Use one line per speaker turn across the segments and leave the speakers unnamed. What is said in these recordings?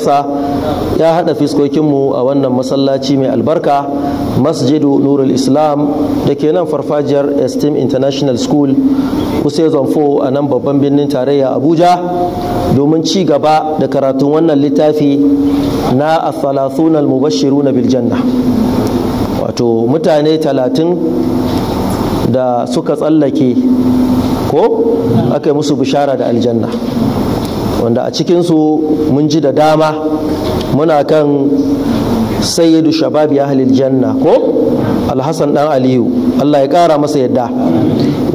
ƙasa ya haɗa fiskokinmu a wannan masallaci mai albarka masjidu nurul islam da ke nan farfajiyar esteem international school kusa zonfo a nan babban birnin tarayya abuja domin ci gaba da karatun wannan littafi na al-thalathun al na biljanna wato mutane talatin da suka tsallake ko aka yi musu bishara da aljanna wanda a cikinsu mun ji da dama muna kan sayyidu shababi ahlil janna ko alhassan dan aliyu allah ya kara masa yadda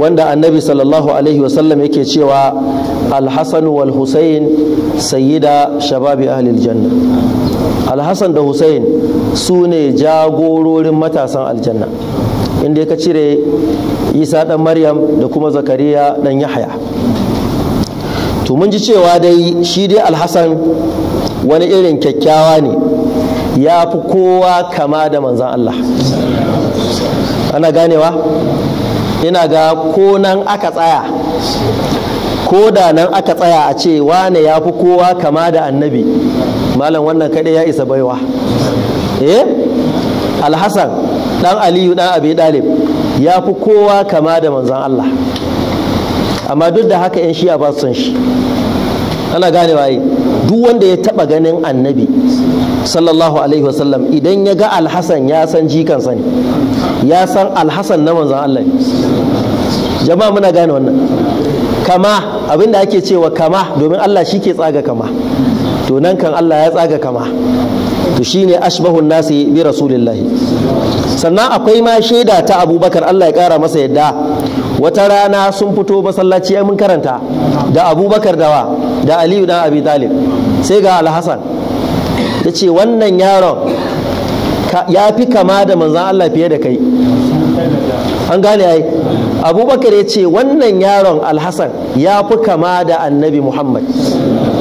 wanda annabi sallallahu alaihi wasallam yake cewa alhassan wal husayn sayyida shababi ahlil janna alhassan da husain su ne jagororin matasan aljanna inda ka cire isa dan maryam da kuma zakariya dan yahya to mun ji cewa dai shi dai alhassan wani irin kyakkyawa ne ya fi kowa kama da manzan Allah ana ganewa ina ga ko nan aka tsaya ko da nan aka tsaya a ce wane ya fi kowa kama da annabi malam wannan kaɗai ya isa baiwa eh alhassan ɗan aliyu ɗan abi ɗalib ya fi kowa kama da manzan Allah amma duk da haka 'yan shi'a ba son shi ana gane waye duk wanda ya taba ganin annabi sallallahu alaihi wasallam idan ya ga alhassan ya san jikansa ne ya san alhassan na manzan Allah ne jama'a muna gane wannan kama abinda ake cewa kama domin Allah shi ke tsaga kama to nan kan Allah ya tsaga kama to shine ashbahun nasi bi rasulillahi sannan akwai ma shaida ta abubakar allah ya kara masa yadda wata rana sun fito masallaci ya mun karanta da abubakar dawa da aliyu dan abi talib sai ga alhassan ta ce wannan yaron ya fi kama da manzan allah fiye da kai an gane ai abubakar ya ce wannan yaron alhassan ya fi kama da annabi muhammad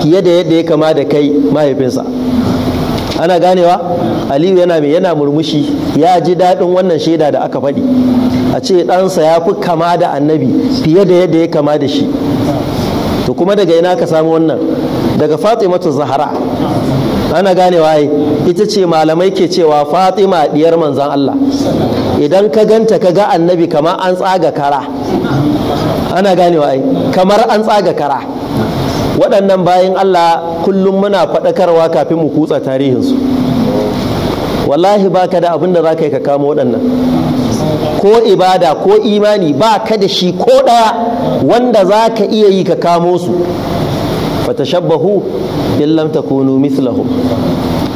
fiye da yadda ya kama da kai mahaifinsa ana ganewa aliyu yana mai yana murmushi ya ji daɗin wannan shaida da aka faɗi a ce ɗansa ya fi kama da annabi fiye da yadda ya kama da shi to kuma daga ina ka samu wannan daga fatimatu zahara ana ganewa ai ita ce malamai ke cewa fatima diyar manzan allah idan ka ganta ka ga annabi kamar an tsaga kara ana ganewa ai kamar an tsaga kara waɗannan bayan Allah kullum muna faɗakarwa kafin mu kutsa tarihinsu wallahi ba ka da abinda da za ka yi ka kama waɗannan ko ibada ko imani ba ka da shi ko ɗaya wanda za ka iya yi ka kamo su fatashabbahu in lam takunu mithlahu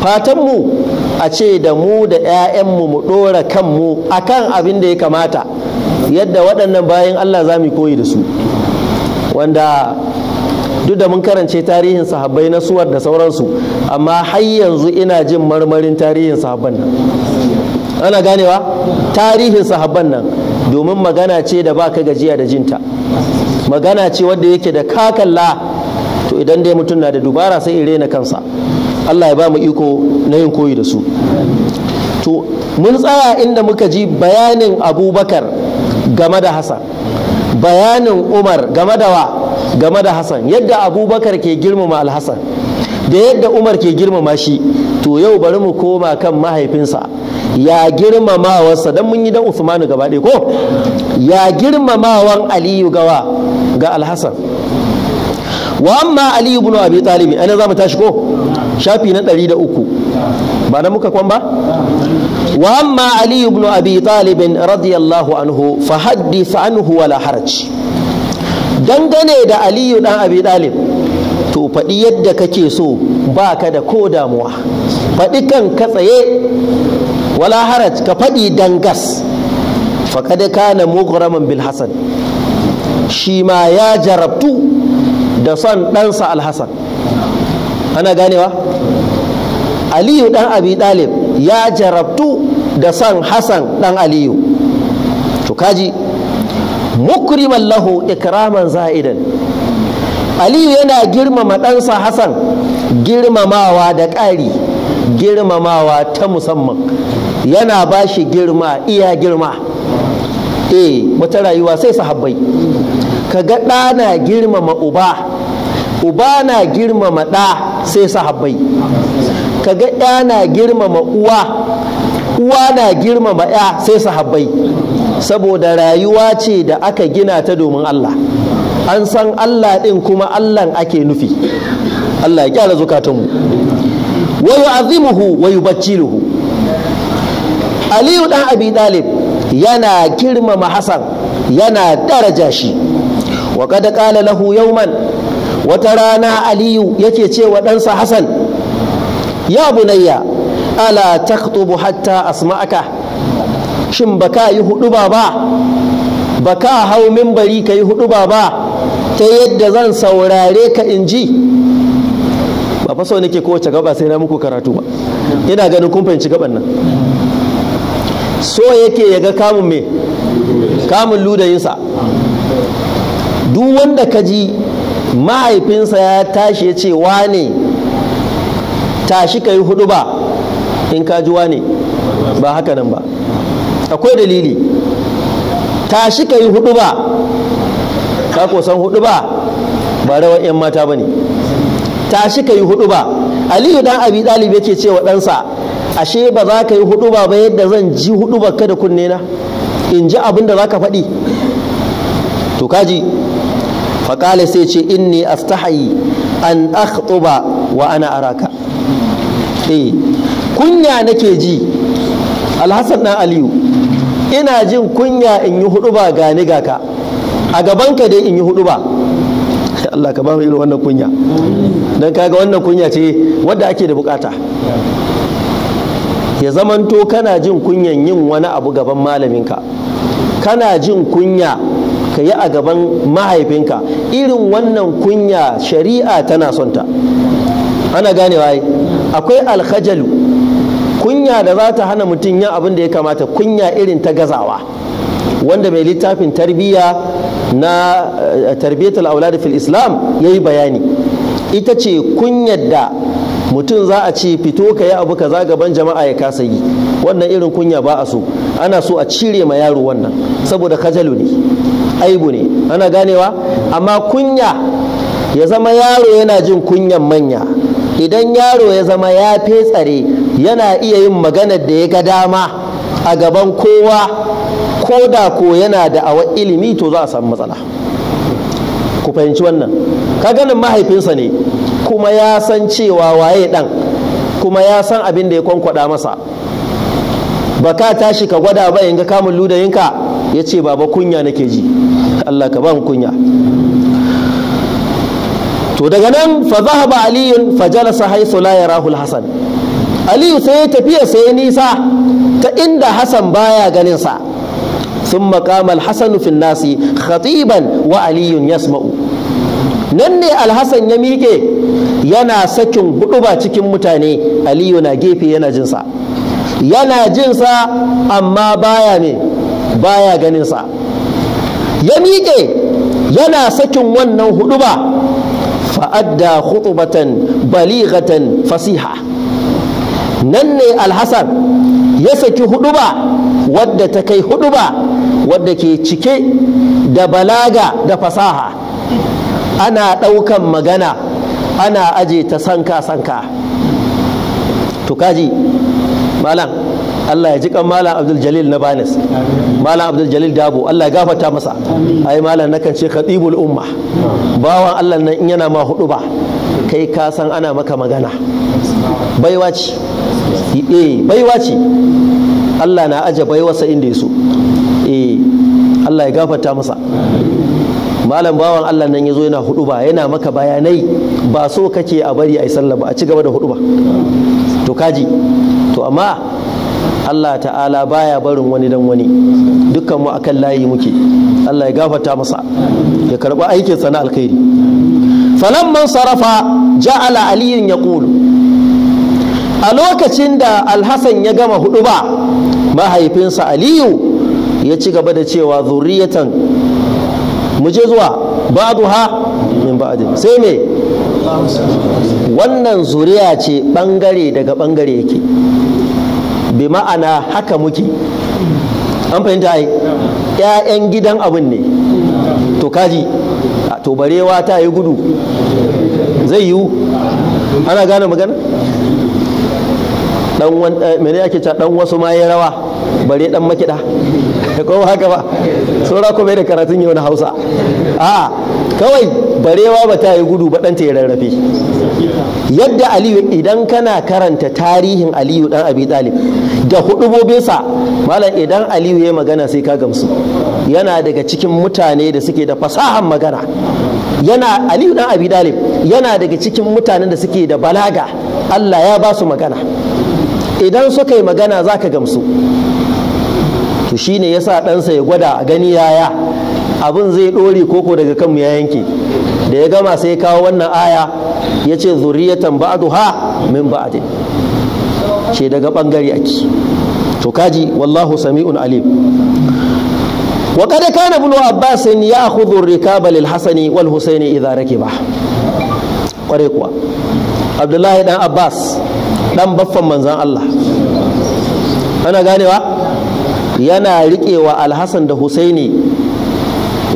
fatanmu a ce da mu da 'ya'yanmu mu ɗora kanmu akan abin da ya kamata yadda waɗannan bayan Allah za mu koyi da su wanda duk da mun karance tarihin sahabbai na suwar da sauransu amma har yanzu ina jin marmarin tarihin sahabban nan ana ganewa tarihin sahabban nan domin magana ce da ba ka gajiya da jinta magana ce wadda yake da kakalla to idan dai mutum na da dubara sai in rena kansa Allah ya ba mu iko na yin koyi da su to mun tsaya inda muka ji bayanin abubakar game da hassan bayanin umar game da wa game da hassan yadda abubakar ke girmama alhassan da yadda umar ke girmama shi to yau bari mu koma kan mahaifinsa ya girmamawarsa don mun yi dan usmanu gaba ɗaya ko ya girmamawan aliyu gawa ga alhassan wa amma aliyu ibn abi talibi ana za mu tashi ko shafi na ɗari da uku ba na muka kwan ba wa amma ali ibn abi talibin radiyallahu anhu fa haddith anhu wala haraj dangane da aliyu dan abi talib to faɗi yadda kake so ba ka da ko damuwa faɗi kan ka tsaye wala haraj ka faɗi dangas faƙad kana mughraman bil hasan shi ma ya jarabtu da son ɗansa alhassan ana ganewa aliyu dan abi dalib ya jarabtu da san Hassan ɗan aliyu to kaji mukriman lahu ikraman za'idan aliyu yana girmama ɗansa hassan girmamawa da ƙari girmamawa ta musamman yana ba shi girma iya girma eh wata rayuwa sai sahabbai ka ga ɗana girmama uba uba na girmama ɗa sai sahabbai kaga ɗa na girmama uwa uwa na girmama ya sai sahabbai saboda rayuwa ce da aka gina ta domin Allah an san Allah ɗin kuma Allahn ake nufi Allah ya kyara zukatanmu wayo azimuhu wayo bacciluhu Aliyu ɗan Abi ɗalib yana girmama Hassan yana daraja shi wa kada qala lahu yawman wata rana aliyu yake ce wa ɗansa hassan ya bunayya ala takhtubu hatta asma'aka shin baka yi hudu ba ba baka hau mimbari ka yi hudu ba ba ta yadda zan saurare ka in ji ba fa so nake kowace gaba sai na muku karatu ba ina ganin kun fahimci gaban nan so yake ya ga kamun me kamun ludayinsa duk wanda ka ji mahaifinsa ya tashi ya ce wane tashi ka yi hudu ba in ka ji wane ba haka nan ba akwai dalili tashi ka yi hudu ba ka ko san hudu ba ba rawar 'yan mata ba ne tashi ka yi hudu ba aliyu dan abi dalib yake ce wa ɗansa ashe ba za ka yi hudu ba ba yadda zan ji hudu ba kada kunne na in ji abin da za ka faɗi to kaji faƙala sai ce inni aftahayi an akhtuba wa ana araka eh kunya nake ji alhassan na aliyu ina jin kunya in yi hudu ba gani ga ka a gabanka dai in yi hudu ba Allah ka ba mu irin wannan kunya don kaga wannan kunya ce wadda ake da bukata ya zamanto kana jin kunyan yin wani abu gaban malaminka kana jin kunya ka yi a gaban mahaifinka irin wannan kunya shari'a tana son ta ana ganewa yi akwai alhajalu kunya da za ta hana mutum yin abin da ya kamata kunya irin ta gazawa wanda mai littafin tarbiyya na eh, tarbiyatul aulad fil islam ya yi bayani ita ce kunyar da mutum za a ce fito ka yi abu kaza gaban jama'a ya kasa yi wannan irin kunya ba a so ana so a cire ma yaro wannan saboda kajalu ne aibu ne ana ganewa amma kunya ya zama yaro yana jin kunyan manya idan yaro ya zama ya tsare yana iya yin maganar da ya ga dama a gaban kowa ko da ko yana da awa ilimi to za a samu matsala ku fahimci wannan Ka ganin mahaifinsa ne kuma ya san cewa waye ɗan kuma ya san abin da ya kwankwada masa ba ka tashi ka gwada ba in ga kamun ludayinka ya ce baba kunya nake ji Allah ka ban kunya to daga nan fa ba aliyun fa jalasa haisu la yarahu hasan aliyu sai tafiya sai nisa ta inda Hassan baya ganin sa ثم قام الحسن في الناس خطيبا وعلي يسمع nan ne alhassan ya miƙe yana sakin ba cikin mutane aliyu na gefe yana jinsa yana jinsa amma baya ne baya ganinsa ya miƙe yana sakin wannan huɗuba fa'adda khutubatan balighatan fasiha nan ne alhassan ya saki huɗuba wadda ta kai huɗuba wadda ke cike da balaga da fasaha ana ɗaukan magana ana aje ta sanka sanka to kaji malam Allah ya ji kan malam Abdul Jalil na Banis malam Abdul Jalil Dabo Allah ya gafarta masa ai malam nakan ce khatibul umma bawan Allah nan in yana ma hudu ba kai ka san ana maka magana baiwa ce eh baiwa ce Allah na aje sa inda yaso eh Allah ya gafarta masa malam bawan Allah nan yazo yana hudu ba yana maka bayanai ba so kake a bari ai sallah ba a ci gaba da hudu ba to kaji to amma Allah ta'ala baya barin wani dan wani dukkan mu akan layi muke Allah ya gafarta masa ya karba aikin sa na alkhairi falamman sarafa ja'ala aliyun yaqulu a lokacin da alhassan ya gama hudu ba mahaifinsa aliyu ya ci gaba da cewa zuriyatan mu je zuwa ha min ba'd sai me wannan zuriya ce bangare daga bangare yake bi ma'ana haka muke an fahimta ai ƴaƴan gidan abin ne to kaji to barewa ta yi gudu zai yiwu ana gane magana dan eh, mene ake ta, dan wasu ma ya rawa bare dan makida ko haka ba saura kuma da karatun yau na hausa a kawai barewa ba ta yi gudu ba ɗanta ya rarrafe yadda aliyu idan kana karanta tarihin aliyu dan abi talib da hudubobinsa malam idan aliyu ya magana sai ka gamsu yana daga cikin mutane da suke da fasahan magana yana aliyu dan abi talib yana daga cikin mutanen da suke da balaga allah ya ba su magana idan suka yi magana za ka gamsu to ya sa ɗansa ya gwada a gani yaya abin zai ɗore koko daga kanmu ya yanke da ya gama sai kawo wannan aya ya ce zuriyatan ha min ba'din ce daga ɓangare ake to kaji wallahu sami'un alim wa qad kana ibn abbas ya'khudhu ar-rikaba lil hasani wal husaini idha rakiba kware kuwa abdullahi dan abbas dan baffan manzan allah ana ganewa yana riƙewa alhassan da husaini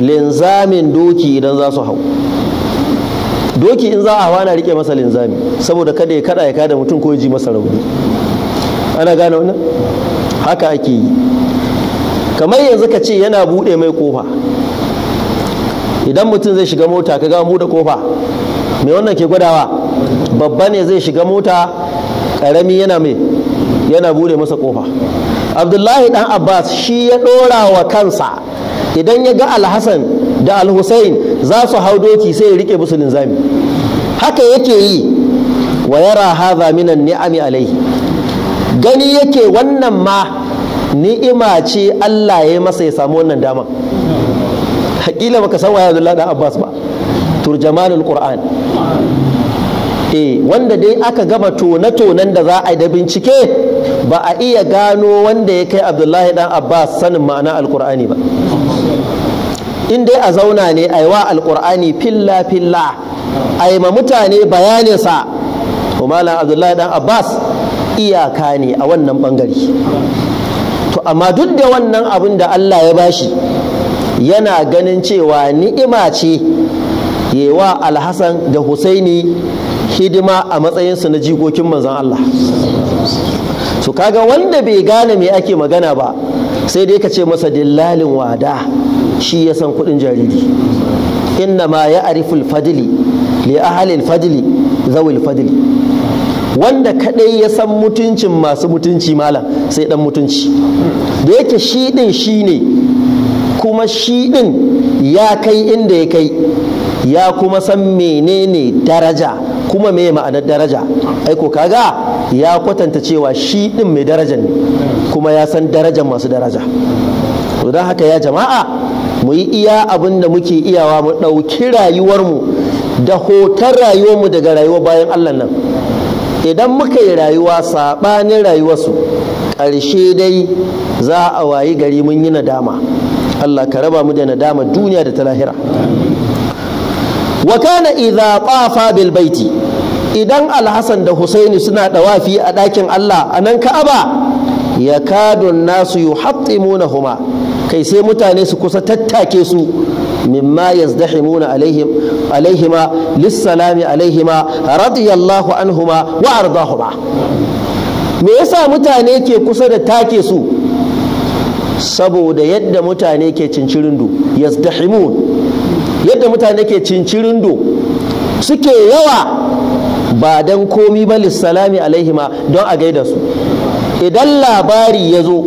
linzamin doki idan za su hau doki in za a hawa na riƙe masa linzami saboda kada ya kada ya kada mutum ko ya ji masa rauni ana gane wannan haka ake yi kamar yanzu ka ce yana buɗe mai kofa idan mutum zai shiga mota ka ga buɗe kofa mai wannan ke gwadawa babba ne zai shiga mota ƙarami yana mai yana buɗe masa kofa abdullahi dan abbas shi ya ɗora wa kansa idan ya ga alhassan da alhussein za su hau doki sai ya rike musu zami haka yake yi wa yara haza minan ni'ami alaihi gani yake wannan ma ni'ima ce Allah ya masa ya samu wannan dama hakila baka san waye Abdullahi dan Abbas ba turjamanul Qur'an eh wanda dai aka gama tone-tonen da za a yi da bincike ba a iya gano wanda ya kai abdullahi dan abbas sanin ma'ana alkur'ani ba in dai a zauna ne a yi wa alkur'ani filla filla a yi ma mutane bayaninsa to malam abdullahi dan abbas iyaka ne a wannan bangare to amma duk da wannan abin da allah ya bashi yana ganin cewa ni'ima ce ya wa alhassan da husaini hidima a matsayinsu na jikokin manzon allah to kaga wanda bai gane me ake magana ba sai dai ka ce masa dillalin wada shi ya san kudin jariri inna ma ya ariful fadili li ahalil fadili zawil fadili wanda kadai ya san mutuncin masu mutunci malam sai dan mutunci da yake shi din shi ne kuma shi din ya kai inda ya kai ya kuma san menene daraja kuma me ma'anar daraja aiko kaga ya kwatanta cewa shi din mai daraja ne kuma ya san darajar masu daraja don haka ya jama'a mu yi iya abin da muke iyawa mu ɗauki rayuwarmu da hoton rayuwarmu daga rayuwa bayan allah nan idan muka yi rayuwa saɓanin rayuwarsu ƙarshe dai za a wayi gari mun yi nadama allah ka raba mu da nadama duniya da ta lahira wa kana idza tafa bil baiti idan alhassan da husaini suna dawafi a ɗakin allah a nan ka'aba ya kadun nasu yuhattimunahuma kai sai mutane su kusa tattake su mimma yazdahimuna alaihim alaihima lissalami alaihima radiyallahu anhuma wa ardahuma me yasa mutane ke kusa da take su saboda yadda mutane ke cincirindu yazdahimun yadda mutane ke cincirindo suke yawa ba don komi ba lissalami alaihima don a gaida su idan labari ya zo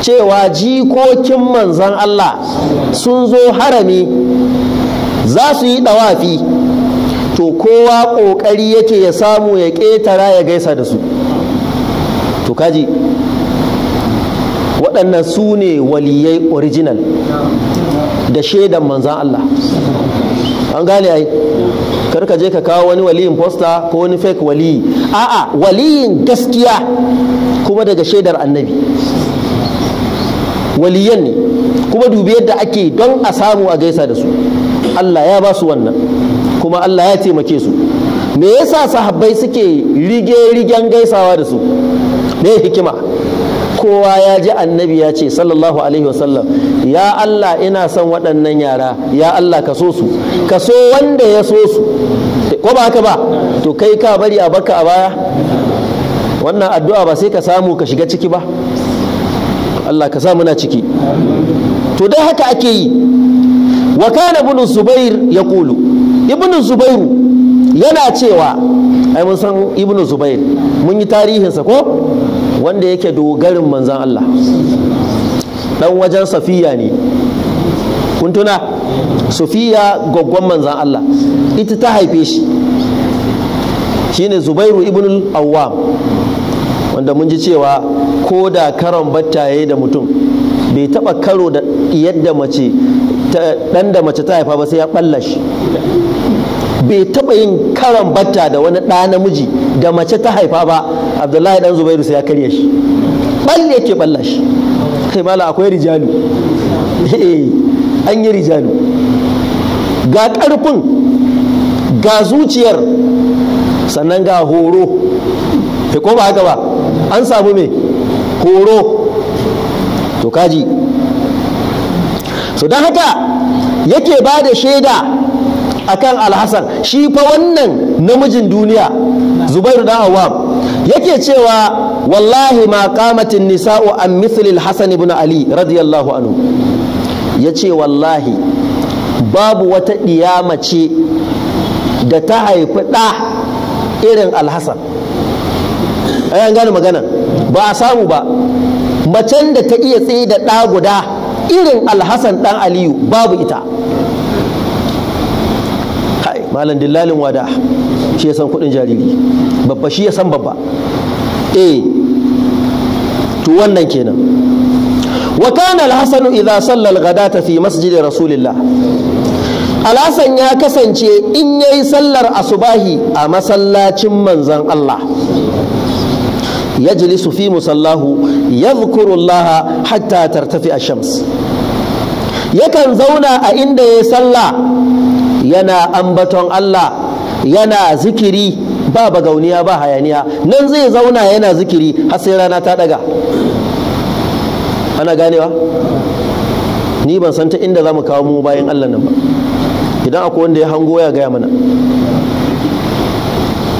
cewa jikokin manzan Allah sun zo harami za su yi dawafi to kowa ƙoƙari yake ya samu ya ƙetara ya gaisa da su to kaji waɗannan su ne waliyai original da shaidan manzan Allah an gane ai kar je ka kawo wani waliyin posta ko wani fake waliyi a'a waliyin gaskiya kuma daga shaidar annabi waliyan ne kuma dubi yadda ake don a samu a gaisa da su Allah ya ba su wannan kuma Allah ya taimake su me yasa sahabbai suke rige rigen gaisawa da su me hikima kowa ya ji annabi ya ce sallallahu alaihi wasallam ya Allah ina son waɗannan yara ya Allah ka so su ka so wanda ya so su ko ba haka ba to kai ka bari a baka a baya wannan addu'a ba sai ka samu ka shiga ciki ba Allah ka sa muna ciki to dai haka ake yi wa kana ibn zubair kulu. ibn zubairu yana cewa ai mun san ibn zubair mun yi tarihinsa ko wanda yake dogarin manzan Allah dan wajen safiya ne kun tuna safiya gwaggon manzan Allah ita ta haife shi shine zubairu ibn awwam wanda mun ji cewa ko da karon battaye da mutum bai taba karo da yadda mace dan da mace ta haifa ba sai ya shi. bai taba yin karon batta da wani ɗa namiji da mace ta haifa ba abdullahi dan zubairu sai ya karya shi balle yake balla shi kai mala akwai rijalu eh, an yi rijalu ga ƙarfin ga zuciyar sannan ga horo ko ba haka ba an samu mai. horo to kaji so don haka yake ba da shaida akan alhassan shi fa wannan namijin duniya zubairu da awam yake cewa wallahi ma qamatin nisa'u an mithlil hasan ibn ali radiyallahu anhu yace wallahi babu wata mace da ta haifi ɗa irin alhassan ai gane magana ba a samu ba macen da ta iya tsaye da ɗa guda irin alhassan ɗan aliyu babu ita malam dillalin wada shi ya san kuɗin jariri babba shi ya san babba eh to wannan kenan wa kana al-hasan idza salla al-ghadata fi masjid rasulillah al-hasan ya kasance in yayi sallar asubahi a masallacin manzon Allah يجلس في مصلاه يذكر الله حتى ترتفع الشمس yakan zauna a inda ya sallah yana ambaton Allah yana zikiri ba bagauniya ba hayaniya nan zai zauna yana zikiri har sai rana ta daga ana ganewa ni ban san ta inda za mu kawo mu bayan Allah nan ba idan akwai wanda ya hango ya gaya mana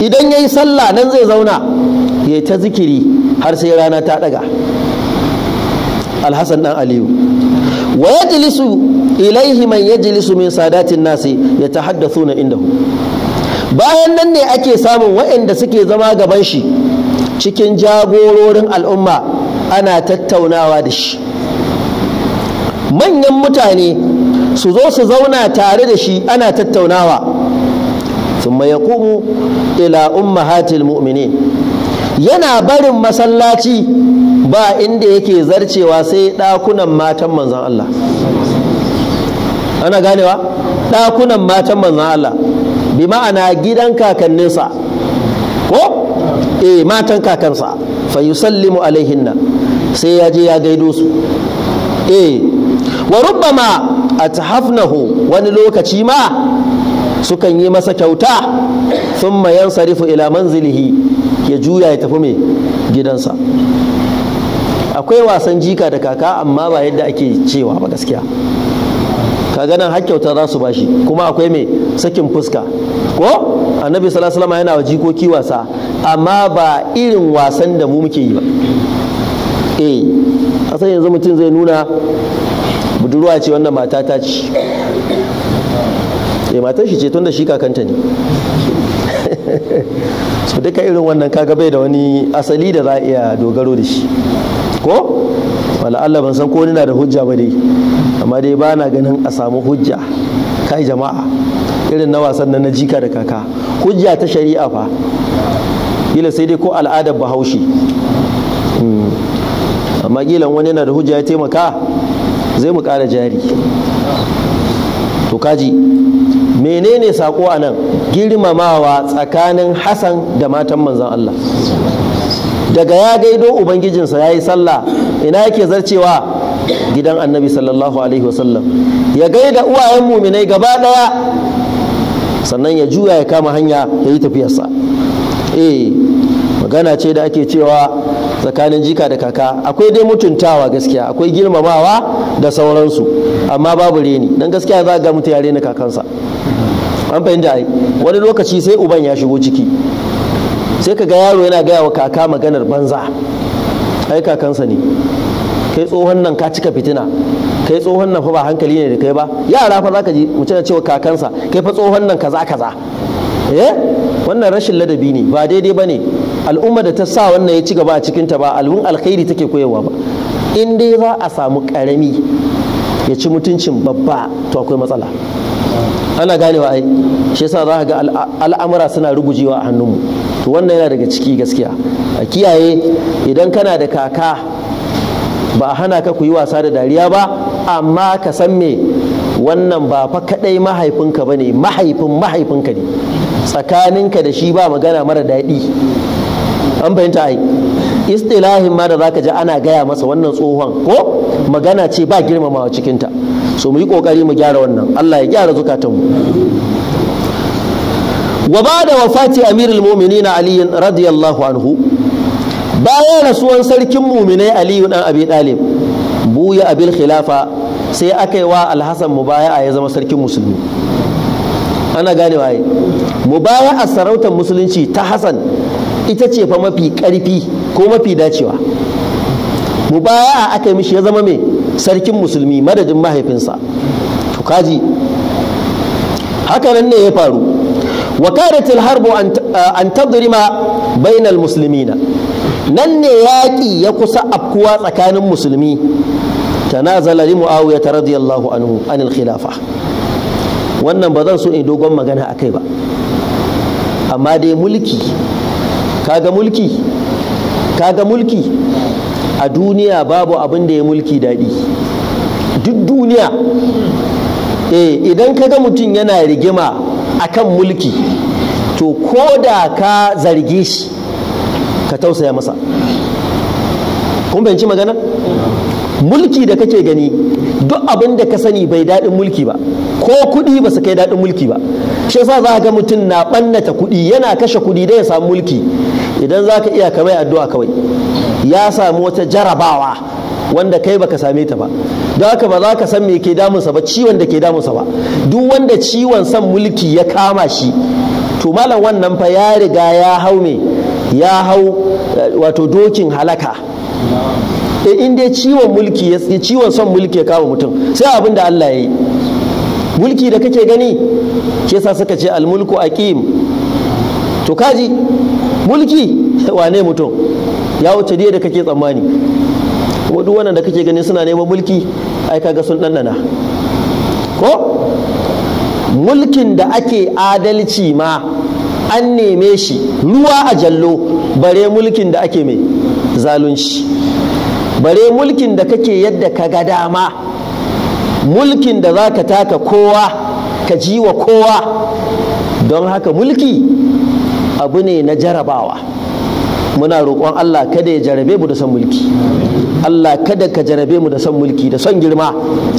idan ya yi sallah nan zai zauna ya ta zikiri har sai rana ta daga alhassan dan aliyu wa jilisu, ilaihi man jilisu min sadatin nasi yatahaddathuna bayan nan ne ake samun waɗanda suke zama gaban shi cikin jagororin al'umma ana tattaunawa da shi manyan mutane su zo su zauna tare da shi ana tattaunawa ثم يقوم ila ummahatil mu'minin yana barin masallaci ba inda yake zarcewa sai ɗakunan matan manzan Allah ana ganewa ɗakunan matan manzan Allah bi ma'ana gidan kakanninsa ko eh matan kakansa fa yusallimu alaihinna sai ya je ya gaido su eh wa rubbama atahafnahu wani lokaci ma sukan yi masa kyauta mayan yansarifu ila manzilihi ya juya ya tafi mai gidansa akwai wasan jika da kaka amma ba yadda ake cewa ba gaskiya Ka ganin hakkyauta za su bashi kuma akwai mai sakin fuska ko annabi sallallahu yana wa jikoki wasa amma ba irin wasan da mu muke yi ba eh asan yanzu mutum zai nuna budurwa ce wannan mata ta ci. eh matar shi ce tun da shi kakanta ne su duka irin wannan kaga bai da wani asali da za a iya dogaro da shi ko wala Allah ban san ko nuna da hujja ba dai amma dai ba na ganin a samu hujja kai jama'a irin na wasan nan na jika da kaka hujja ta shari'a fa gila sai dai ko al'adar bahaushe hmm. amma gilan wani yana da hujja ya taimaka zai mu ƙara jari to kaji menene saƙo a nan girmamawa tsakanin hassan da matan manzan allah daga ya gaido ubangijinsa ya yi sallah ina yake zarcewa gidan annabi sallallahu alaihi wasallam ya gaida uwayen muminai gaba ɗaya. sannan ya juya ya kama hanya ya yi tafiyarsa eh magana ce da ake cewa tsakanin jika da kaka akwai dai mutuntawa gaskiya akwai girmamawa da sauransu amma babu reni don gaskiya za ga mutu ya reni kakansa an fahimta ai wani lokaci sai uban ya shigo ciki sai ka ga yaro yana gaya wa kaka maganar banza ai kakansa ne kai tsohon nan ka cika fitina kai tsohon nan fa ba hankali ne da kai ba yara fa za ka ji mutum ya cewa kakansa kai fa tsohon nan kaza kaza eh wannan rashin ladabi ne ba daidai ba ne, al'umma da ta sa wannan ya ci gaba a cikinta ba alwun alkhairi take koyarwa ba in dai za a samu karami ya ci mutuncin babba to akwai matsala ana ganewa ai shi yasa za ka ga al'amura suna rugujewa a hannunmu to wannan yana daga ciki gaskiya a kiyaye idan kana da kaka ba a hana ka ku yi wasa da dariya ba amma ka san me wannan ba fa kadai mahaifinka bane mahaifin mahaifinka ne tsakaninka da shi ba magana mara daɗi an fahimta ai istilahin ma da zaka ji ana gaya masa wannan tsohon ko magana ce ba girmamawa cikinta so mu yi kokari mu gyara wannan Allah ya gyara zukatanmu wa ba da wafati amirul mu'minin ali radiyallahu anhu bayan rasuwan sarkin mu'minai ali dan abi talib buya abil khilafa sai aka yi wa alhassan mubaya'a ya zama sarkin musulmi ana gane waye mubaya'a sarautar musulunci ta hassan ita ce fa mafi karfi ko mafi dacewa mubaya'a aka yi mishi ya zama mai sarkin musulmi madadin mahaifinsa to kaji hakanan ne ya faru wa karatul harbu an tadrima bainal muslimina nan ne yaƙi ya kusa afkuwa tsakanin musulmi tanazala li muawiyah radiyallahu anhu anil khilafa wannan ba zan so in dogon magana akai ba amma dai mulki kaga mulki kaga mulki a duniya babu abin da ya mulki daɗi duk duniya eh idan ka ga mutum yana rigima akan mulki to ko da ka zarge shi ka tausaya masa kun fahimci magana mulki da kake gani duk abin da ka sani bai daɗin mulki ba ko kuɗi ba su kai daɗin mulki ba shi yasa za ga mutum na ɓannata kuɗi yana kashe kuɗi da ya samu mulki idan za ka iya kamar addu'a kawai ya samu wata jarabawa wanda kai baka same ta ba da haka ba za ka san me ke damunsa ba ciwon da ke damunsa ba duk wanda ciwon san mulki ya kama shi to malam wannan fa ya riga ya hau me ya hau eh, wato dokin halaka e in dai ciwon mulki ya ciwon son mulki ya kama mutum sai abin da Allah ya yi mulki da kake gani ke sa suka ce almulku aqim to kaji mulki wane mutum ya wuce da kake tsammani kuma duk wannan da kake ganin suna neman mulki ai kaga sun ɗanɗana ko mulkin da ake adalci ma an neme shi ruwa a jallo bare mulkin da ake mai zalunci bare mulkin da kake yadda ka ga dama mulkin da za ka taka kowa ka ji wa kowa don haka mulki abu ne na jarabawa muna roƙon allah kada ya jarabe mu da san mulki Allah kada ka jarabe mu da son mulki da son girma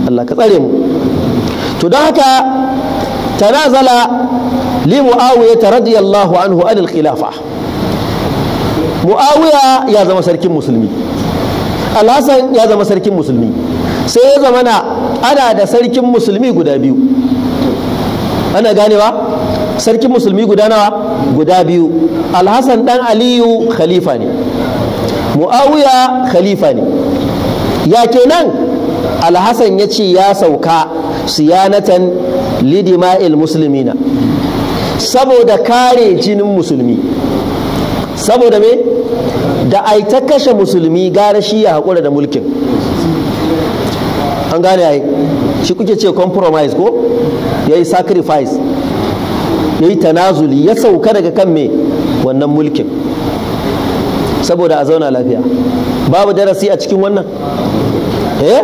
Allah ka tsare mu to don haka tanazala li muawiya radiyallahu anhu anil khilafa muawiya ya zama sarkin musulmi alhassan ya zama sarkin musulmi sai ya zama na ana da sarkin musulmi guda biyu ana ganewa sarkin musulmi guda nawa guda biyu Alhasan dan aliyu khalifa ne muawiya khalifa ne ya ke nan alhassan ya ce ya sauka siyanatan lidima'il Musulmina saboda kare jinin musulmi saboda me da ai ta kashe musulmi gara shi ya haƙura da mulkin an gane yi shi kuke ce compromise ko ya yi sacrifice ya yi tanazuli ya sauka daga kan me wannan mulkin saboda a zauna lafiya babu darasi a cikin wannan eh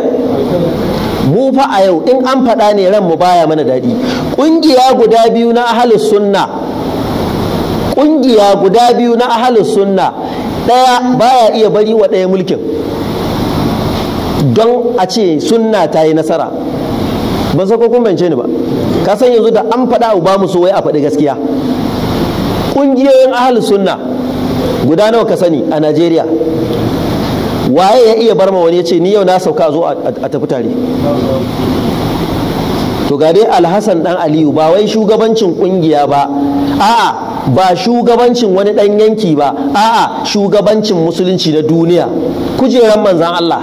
mu fa a yau in an faɗa ne ran mu baya mana daɗi ƙungiya guda biyu na ahalus sunna ƙungiya guda biyu na ahalus sunna ɗaya baya iya bari wa ɗaya mulkin don a ce sunna ta yi nasara ban san ko kun bance ni ba ka san yanzu da an faɗa ba mu so wai a faɗi gaskiya ƙungiyoyin ahalus sunna guda nawa ka sani a najeriya waye ya iya barma wani ya ce ni yau na sauka zo a tafi tare to ga dai alhassan dan aliyu ba wai shugabancin kungiya ba a'a ba shugabancin wani dan yanki ba a'a shugabancin musulunci na duniya kujeran manzan Allah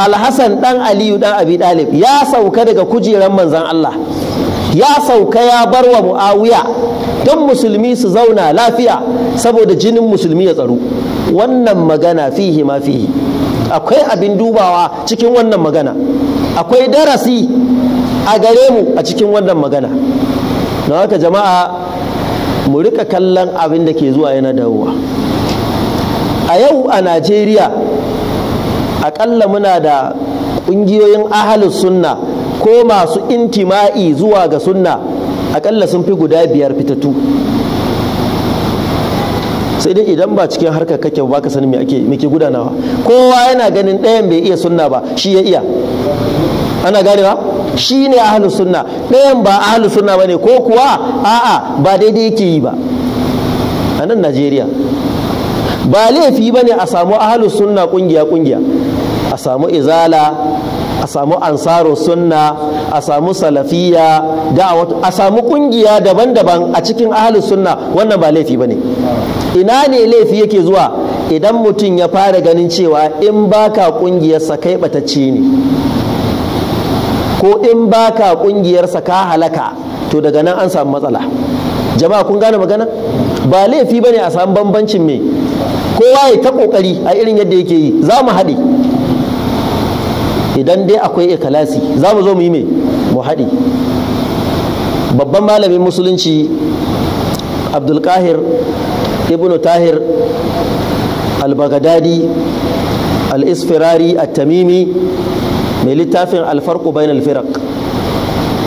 alhassan dan aliyu dan abi dalib ya sauka daga kujeran manzan Allah ya sauka ya bar wa mu'awiya don musulmi su zauna lafiya saboda jinin musulmi ya tsaro wannan magana fihi ma fihi akwai abin dubawa cikin wannan magana akwai darasi a gare mu a cikin wannan magana na haka jama'a mu rika kallon abin da ke zuwa yana dawowa a yau a najeriya aƙalla muna da ƙungiyoyin ahalus sunna ko masu intima'i zuwa ga sunna akalla sun fi guda biyar fitattu sai dai idan ba cikin harkar kake ba ka sani me ake gudanawa kowa yana ganin ɗayan bai iya sunna ba shi ya iya ana ganewa shi ne ahlus sunna ɗayan ba ahlus sunna ba ne ko kuwa a'a ba daidai yake yi ba a nan najeriya ba laifi ba ne a samu ahlus sunna ƙungiya kungiya a samu izala a samu ansaro sunna a samu salafiya da'awatu a samu kungiya daban-daban a cikin ahlus sunna wannan ba laifi bane ina ne laifi yake zuwa idan mutum ya fara ganin cewa in baka sa kai ne ko in baka ƙungiyarsa ka halaka to daga nan an samu matsala jama'a kun gane magana ba laifi bane a samu bambancin me kowa ya ta kokari a irin yadda yake yi za mu haɗe idan dai akwai ikhlasi za mu zo mu yi me mu haɗi babban malamin musulunci abdulkahir ibn tahir al-baghdadi al-isfirari at-tamimi mai littafin alfarku bayan alfirak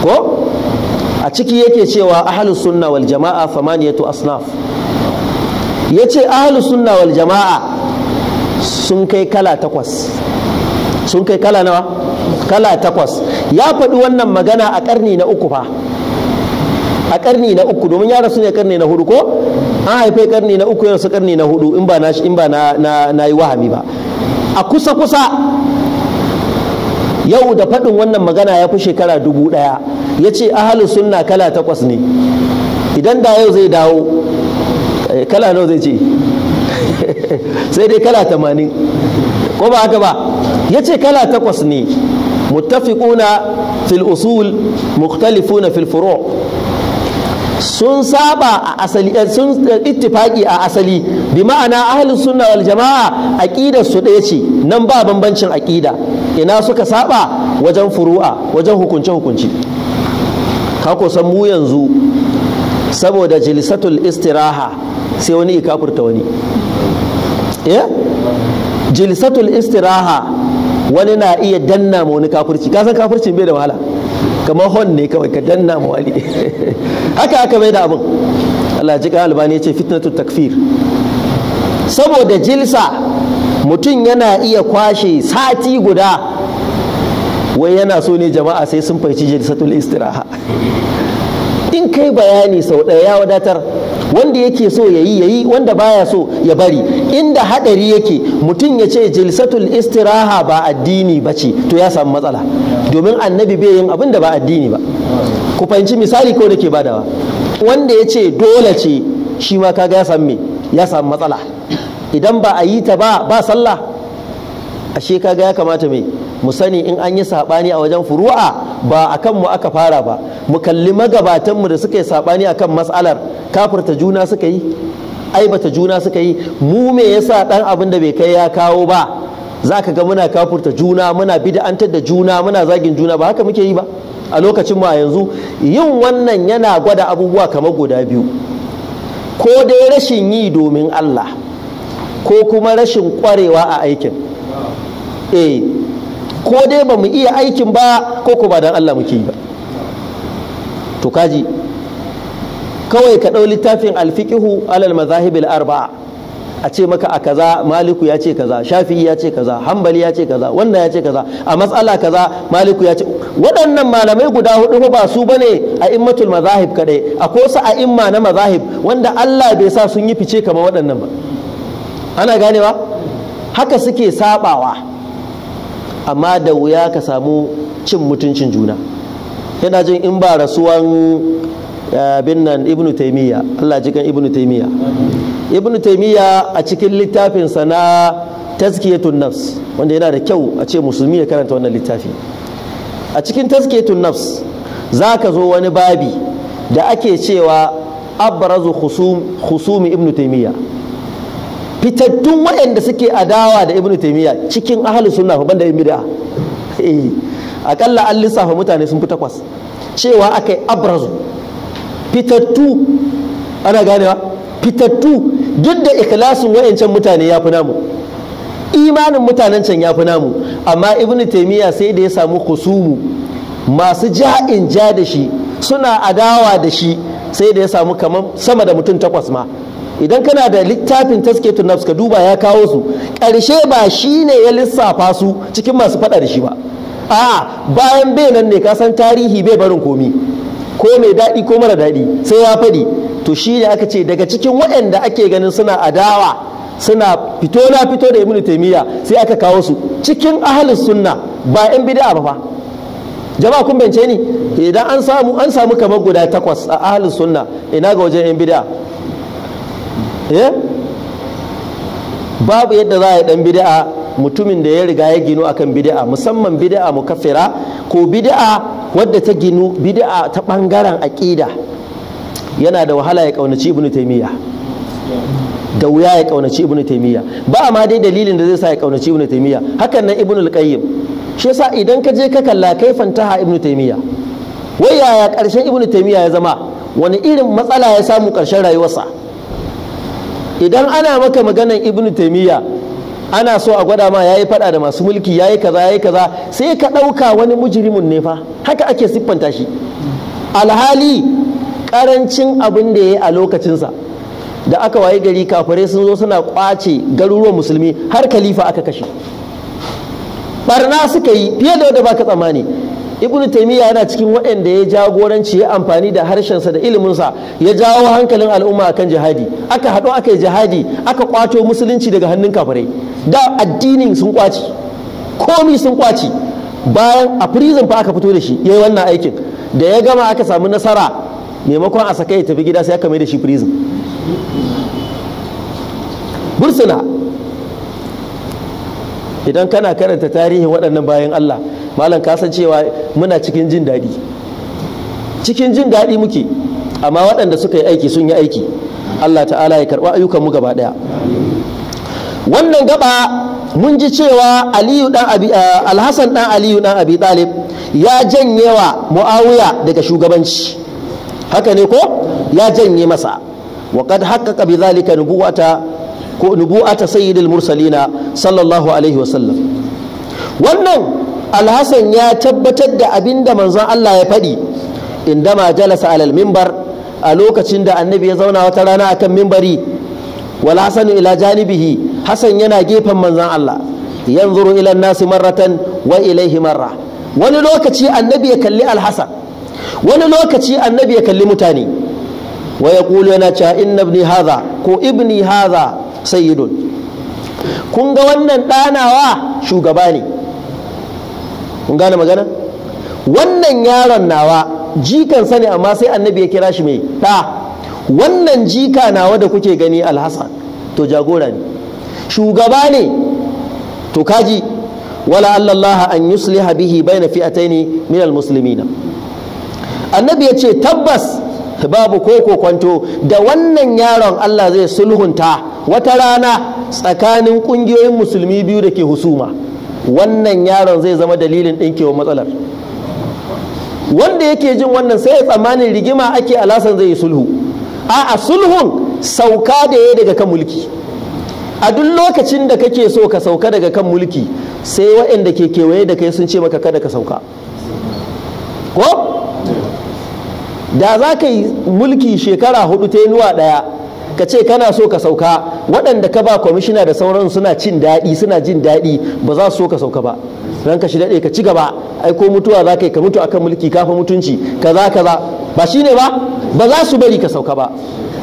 ko a ciki yake cewa ahalus sunna wal jama'a famaniyatu asnaf ya ce ahalus sunna wal jama'a sun kai kala takwas sun kai kala nawa kala takwas ya faɗi wannan magana a ƙarni na uku fa a ƙarni na uku domin ya rasu ne ƙarni na hudu ko an haife ƙarni na uku yanzu ƙarni na hudu in ba na in ba na na yi wahami ba a kusa kusa yau da faɗin wannan magana ya fi shekara dubu ɗaya ya ce ahalu sunna kala takwas ne idan da yau zai dawo eh, kala nawa zai ce sai dai kala tamanin ko ba haka ba ya ce kala takwas ne muttafiquna fil usul mukhtalifuna fil furu' sun saba a asali eh, sun ittifaqi a asali bi ma'ana ahlus sunna wal jama'a aqidar su ɗaya ce nan ba bambancin aqida ina suka saba wajen furu'a wajen hukunce hukunci ka san mu yanzu saboda jilisatul istiraha sai wani ya kafurta wani eh? jilisatul istiraha wani na iya danna ma wani kafirci ka san kafircin bai da wahala kamar hon ne kawai ka danna ma wali haka aka bai da abin Allah ji ka albani ya ce fitnatu takfir saboda jilsa mutum yana iya kwashe sati guda wai yana so ne jama'a sai sun faici jilsatul istiraha in kai bayani sau ɗaya ya wadatar wanda yake so ya yi ya yi wanda baya so ya bari inda hadari yake mutum ya ce jilsatul istiraha ba addini ba ce to ya samu matsala domin annabi bai yin abin da ba addini ba ku fahimci misali ko nake badawa wanda ya ce dole ce shi ma kaga ya samu ya samu matsala idan ba a yi ta ba ba sallah ashe kaga ya kamata me mu sani in an yi saɓani a wajen furu'a ba a kanmu aka fara ba mu kalli magabatanmu da suka yi saɓani a kan matsalar kafirta juna suka yi aibata juna suka yi mu me yasa dan abin da bai kai ya kawo ba za ka ga muna kafurta juna muna bid'antar da juna muna zagin juna ba haka muke yi ba a lokacin mu a yanzu yin wannan yana gwada abubuwa kamar guda biyu ko dai rashin yi domin Allah ko kuma rashin kwarewa a aikin eh ko dai ba mu iya aikin ba ko ko dan Allah muke yi ba to kaji kawai ka ɗau littafin alfikihu alal mazahibil arba'a a ce maka a kaza maliku ya ce kaza shafi'i ya ce kaza hambali ya ce kaza wannan ya ce kaza a matsala kaza maliku ya ce waɗannan malamai guda hudu ba su bane a immatul mazahib kadai a ko su a imma na mazahib wanda Allah bai sa sun yi fice kamar waɗannan ba ana ganewa haka suke sabawa amma da wuya ka samu cin mutuncin juna yana jin in ba rasuwan abin eh, nan ibnu taimiyya Allah cikin ibnu taimiyya ibn taimiyya a cikin littafinsa na tazkiyatun nafs wanda yana da kyau a ce musulmi ya karanta wannan littafi a cikin tazkiyatun nafs za zo wani babi da ake cewa abrazu husumi ibn taimiyya fitattun waɗanda suke adawa da ibn taimiyya cikin ahalus sunna fa banda bid'a eh, akalla an lissafa mutane sun fi takwas cewa akai abrazu fitattu ana ganewa fitattu duk da ikhlasin wayancan mutane ya fi namu imanin mutanen can ya fi namu amma Ibn taimiyya sai da ya samu kusumu masu ja'in ja da shi suna adawa da shi sai da ya samu kamar sama da mutum takwas ma idan kana da littafin tasketun nafs ka duba ya kawo su ƙarshe ba shi ne ya lissafa su cikin masu faɗa da shi ba a'a bayan bai nan ne ka san tarihi bai barin komi ko mai daɗi ko mara daɗi sai ya faɗi to shi ne aka ce daga cikin waɗanda ake ganin suna adawa suna fito na fito da ibnu taimiyya sai aka kawo su cikin ahalin sunna ba yan bid'a ba fa jama'a kun bance ni idan an samu an samu kamar guda takwas a ahalin sunna ina ga wajen yan bid'a eh? babu yadda za a yi dan bid'a mutumin da ya riga ya ginu akan bid'a musamman bid'a mukaffira ko bid'a wadda ta ginu bid'a ta bangaren aqida yana da wahala ya kaunaci ibnu taymiya da wuya ya kaunaci ibnu taymiya ba ma dai dalilin da zai sa ya kaunaci ibnu taymiya hakan nan ibnu al-qayyim shi yasa idan ka je ka kalla kai fantaha ibnu taymiya wai yaya karshen ibnu taymiya ya zama wani irin matsala ya samu karshen rayuwarsa idan ana maka maganan ibnu taymiya ana so a gwada ma yayi fada da masu mulki yayi kaza yayi kaza sai ka ɗauka wani mujrimun ne fa haka ake siffanta shi alhali karancin abin da ya yi a lokacinsa da aka wayi gari kafirai sun zo suna kwace garuruwan musulmi har kalifa aka kashe barna suka yi fiye da wadda baka tsammani ibnu taimiyya yana cikin waɗanda ya jagoranci ya amfani da harshen sa da iliminsa ya jawo hankalin al'umma akan jihadi aka haɗu aka yi jihadi aka kwato musulunci daga hannun kafirai da addinin sun kwaci komi sun kwaci bayan a prison fa aka fito da shi yayi wannan aikin da ya gama aka samu nasara maimakon a saka ya tafi gida sai aka mai da shi prison bursuna idan kana karanta tarihin waɗannan bayan Allah malam kasan cewa muna cikin jin daɗi cikin jin daɗi muke amma waɗanda suka yi aiki sun yi aiki Allah ta'ala ya karɓi ayyukan mu gaba ɗaya wannan gaba mun ji cewa aliyu dan abi dan aliyu dan abi talib ya janye wa muawiya daga shugabanci haka ne ko ya janye masa wa qad haqqaqa bi zalika nubuwata ko nubuwata sayyidil mursalina sallallahu alaihi wasallam wannan alhassan ya tabbatar da abin da manzon Allah ya faɗi indama jalasa alal mimbar a lokacin da annabi ya zauna wata rana akan mimbari wal hasanu ila janibihi Hassan yana gefen manzon Allah yanzuru ilan nasi marratan wa ilaihi marra wani lokaci annabi ya kalli Alhassan, wani lokaci annabi ya kalli mutane wa yaqulu yana cewa inna ibni hadha ko ibni haza sayyidun kun ga wannan ɗanawa shugaba ne kun gane magana wannan yaron nawa jikan sani amma sai annabi ya kira shi mai ɗa wannan jika nawa da kuke gani alhassan to jagora ne shugaba ne to kaji wala allallaha an yusliha bihi bayna fi'ataini min almuslimina annabi ya ce tabbas babu ko kwanto da wannan yaron Allah zai sulhunta wata rana tsakanin ƙungiyoyin musulmi biyu da ke husuma wannan yaron zai zama dalilin ɗinkewar matsalar wanda yake jin wannan sai ya tsammanin rigima ake alasan zai yi sulhu a a sulhun sauka da ya daga kan mulki a duk lokacin da kake so ka sauka daga kan mulki sai waɗanda ke kewaye da kai sun ce maka kada ka sauka ko da za ka yi mulki shekara hudu ta yi nuwa ɗaya ka ce kana so ka sauka waɗanda ka ba kwamishina da sauran suna cin daɗi suna jin daɗi ba za su so ka sauka ba ranka shi daɗe ka ci gaba ai ko mutuwa za ka yi ka mutu akan mulki kafa mutunci kaza kaza ba shi ne ba ba za su bari ka sauka ba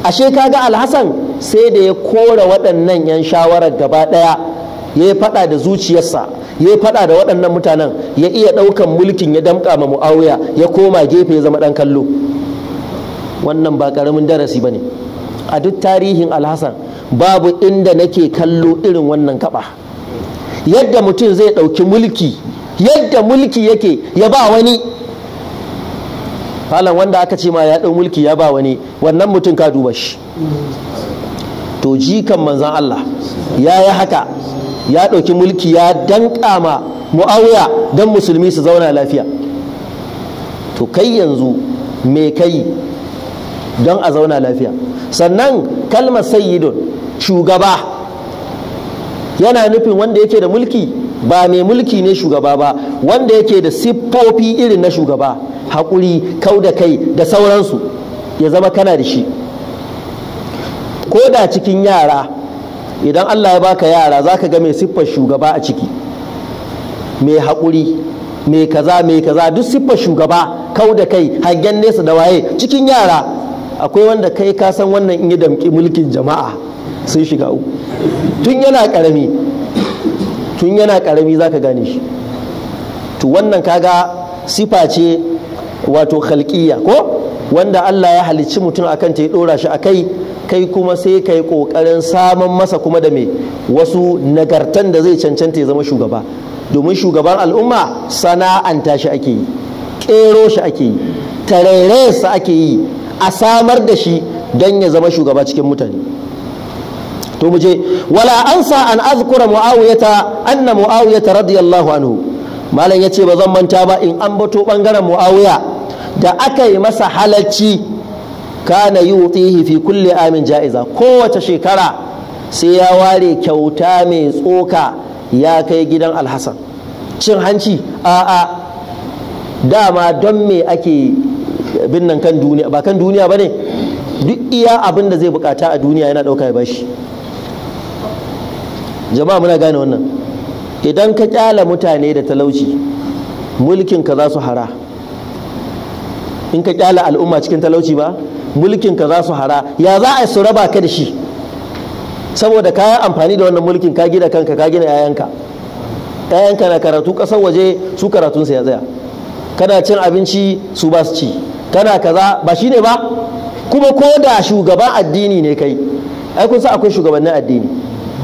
ashe ka ga alhassan sai da ya kora waɗannan 'yan shawarar gaba ɗaya ya faɗa da zuciyarsa ya faɗa da waɗannan mutanen ya iya ɗaukan mulkin ya damƙa ma mu'awiya ya koma gefe ya zama ɗan kallo wannan ba ƙaramin darasi ba ne a duk tarihin alhassan babu inda nake kallo irin wannan kaba yadda mutum zai ɗauki mulki yadda mulki yake ya ba wani falon wanda aka ce ma ya ɗau mulki ya ba wani wannan mutum ka duba shi to jikan manzan Allah ya yi haka ya ɗauki mulki ya danƙa ma mu'awiya don musulmi su zauna lafiya to kai yanzu me kai don a zauna lafiya sannan kalmar sayyidun shugaba yana nufin wanda yake da mulki ba mai mulki ne shugaba ba wanda yake da siffofi irin na shugaba haƙuri kau da kai da sauransu ya zama kana da shi ko da cikin yara idan allah ya baka yara za ka ga mai siffar shugaba a ciki mai haƙuri mai kaza mai kaza duk siffar shugaba kau da kai hangen nesa da waye cikin yara akwai wanda kai ka san wannan in yi damƙi mulkin jama'a sun shiga uku tun yana ƙarami tun yana ƙarami za ka gane shi to wannan kaga sifa ce wato khalqiyya ko wanda Allah ya halicci mutum akan ta ya dora shi a kai kai kuma sai kai kokarin saman masa kuma da me wasu nagartan da zai cancanta ya zama shugaba domin shugaban al'umma sana'anta shi ake yi ƙero shi ake yi tarere su ake yi a samar da shi don ya zama shugaba cikin mutane to muje, je wala ansa an azkura muawiyata anna muawiyata radiyallahu anhu malam yace ba zan manta ba in an bato bangaren muawiya da aka yi masa halacci kana yutihi fi kulli amin ja'iza kowace shekara sai ya ware kyauta mai tsoka ya kai gidan alhassan cin hanci a'a dama don me ake bin nan kan duniya ba kan duniya ba ne duk iya abin da zai bukata a duniya yana dauka ya bashi jama'a muna gane wannan idan ka kyala mutane da talauci mulkin ka za su hara in ka kyala al'umma cikin talauci ba mulkin ka za su hara ya za a su raba ka da shi saboda kayan amfani da wannan mulkin ka gina kanka ka gina 'ya'yanka 'ya'yanka na karatu ƙasar waje su karatunsa ya tsaya kana cin abinci su ba su ci kana kaza ba shi ne ba kuma ko da shugaban addini ne kai ai kun sa akwai shugabannin addini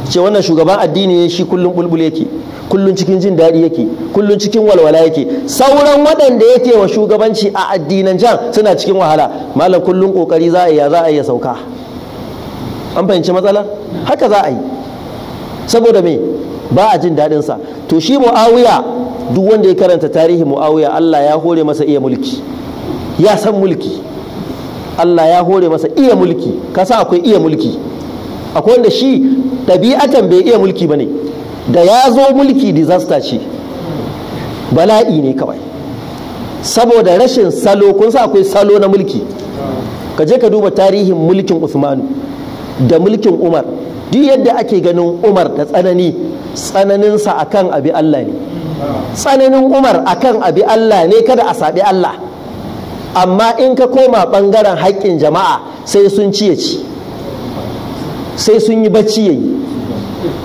ce wannan shugaban addini ne shi kullum bulbul yake kullum cikin jin daɗi yake kullum cikin walwala yake sauran waɗanda yake wa shugabanci a addinan can suna cikin wahala malam kullum kokari za a yi za a yi sauka an fahimci matsalar haka za a yi saboda me ba a jin daɗin sa to shi muawiya duk wanda ya karanta tarihi muawiya Allah ya hore masa iya mulki ya san mulki Allah ya hore masa iya mulki kasa akwai iya mulki akwai wanda shi ɗabi'atan bai iya mulki ba ne da ya zo mulki disaster ce bala'i ne kawai saboda rashin salo kun sa akwai salo na mulki ka je ka duba tarihin mulkin usmanu da mulkin umar duk yadda ake ganin umar da tsanani tsananinsa akan abi allah ne tsananin umar akan abi allah ne kada a saɓi allah amma in ka koma ɓangaren haƙƙin jama'a sai sun ciye ci sai sun yi bacci yayi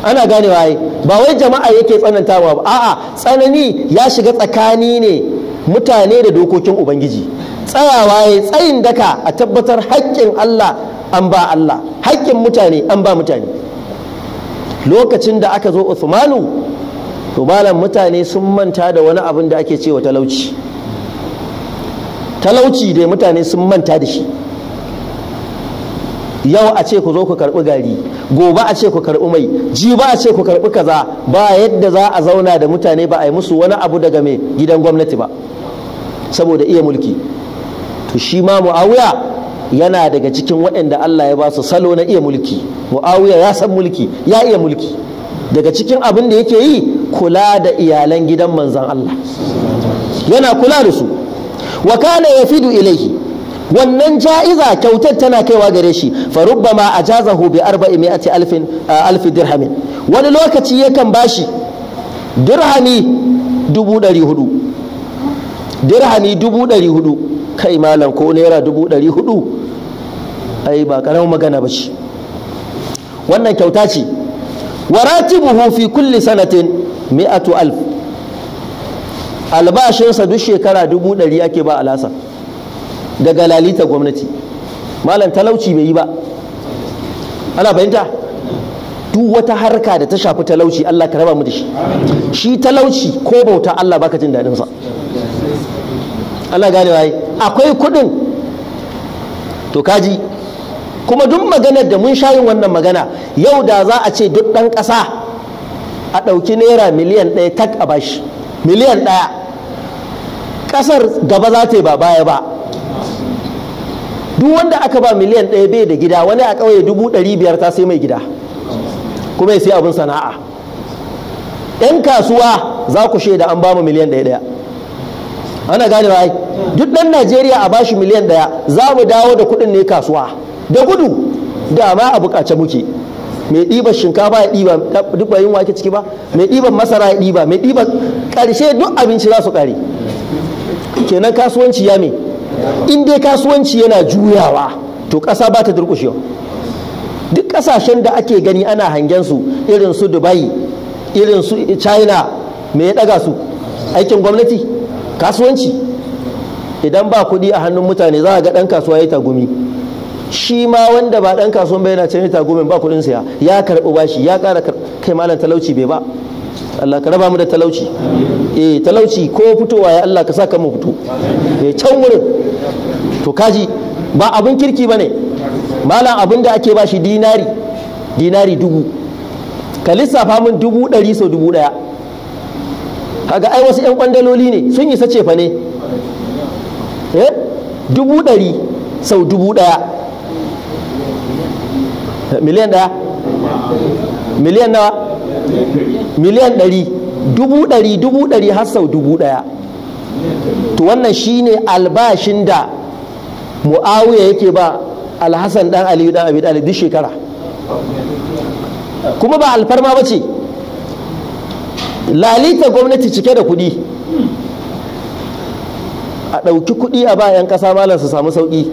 ana ganewa waye ba wai jama'a yake tsananta ba a'a tsanani ya shiga tsakani ne mutane da dokokin ubangiji tsayawa ya tsayin daka a tabbatar haƙƙin Allah an ba Allah haƙƙin mutane an ba mutane lokacin da aka zo Usmanu, to malam mutane sun manta da wani abin da ake cewa talauci talauci da mutane sun manta da shi yau a ce ku zo ku karɓi gari gobe a ce ku karɓi mai ji ba a ce ku karɓi kaza ba yadda za a zauna da mutane ba a yi musu wani abu daga mai gidan gwamnati ba saboda iya mulki to shi ma mu'awiya yana daga cikin waɗanda Allah ya ba su salo na iya mulki mu'awiya ya san mulki ya iya mulki daga cikin abin da yake yi kula da iyalan gidan manzan Allah yana kula da su wa kana yafidu ilaihi wannan ja'iza kyautar tana kaiwa gare shi fa rubbama ajazahu bi arba'i mi'ati alfin alf dirhamin wani lokaci yakan bashi dirhami dubu ɗari hudu dirhami dubu ɗari hudu kai malam ko naira dubu ɗari hudu ai ba karamin magana ba ce wannan kyauta ce wa ratibuhu fi kulli sanatin mi'atu alf albashinsa duk shekara dubu ɗari ake ba alasa daga lalita gwamnati malam talauci bai yi ba ana fahimta duk wata harka da ta shafi talauci Allah ka raba mu da shi shi talauci ko bauta Allah baka jin daɗinsa Allah gane waye akwai kuɗin to kaji kuma duk maganar da mun shayin wannan magana yau da za a ce duk ɗan ƙasa a ɗauki naira miliyan ɗaya tak a bashi miliyan ɗaya Kasar gaba za ta yi ba baya ba duk wanda aka ba miliyan ɗaya bai da gida wani a ƙauye dubu ɗari biyar ta sai mai gida kuma ya sai abin sana'a yan kasuwa za ku shaida an ba mu miliyan ɗaya ɗaya ana gane ba duk ɗan najeriya a bashi miliyan ɗaya za mu dawo da kuɗin ne kasuwa da gudu da ma a buƙace muke mai ɗiban shinkafa ya ɗiba duk bayin wake ciki ba mai ɗiban masara ya ɗiba mai ɗiban ƙarshe duk abinci za su ƙare kenan kasuwanci ya me in dai kasuwanci yana juyawa to ƙasa ba ta durƙushewa duk ƙasashen da ake gani ana hangen su irin su dubai irin su china me ya ɗaga su aikin gwamnati kasuwanci idan ba kuɗi a hannun mutane za a ga ɗan kasuwa ya tagumi shi ma wanda ba ɗan kasuwan bai yana can ya tagumi ba kuɗin saya ya karɓi bashi ya ƙara kai malam talauci bai ba Allah ka raba mu da talauci eh talauci ko fitowa ya Allah ka saka mu fito eh can wurin to kaji ba abin kirki bane malam abin da ake bashi dinari dinari dubu ka lissafa min dubu ɗari so dubu ɗaya kaga ai wasu 'yan kwandaloli ne sun yi sace fa ne eh dubu ɗari sau dubu ɗaya miliyan ɗaya miliyan nawa miliyan ɗari dubu ɗari dubu ɗari har sau dubu ɗaya to wannan shine albashin da mu'awiya yake ba alhassan ɗan aliyu dan abi duk shekara kuma ba alfarma ba ce lalita gwamnati cike da kuɗi a ɗauki kuɗi a bayan ƙasa malam su samu sauƙi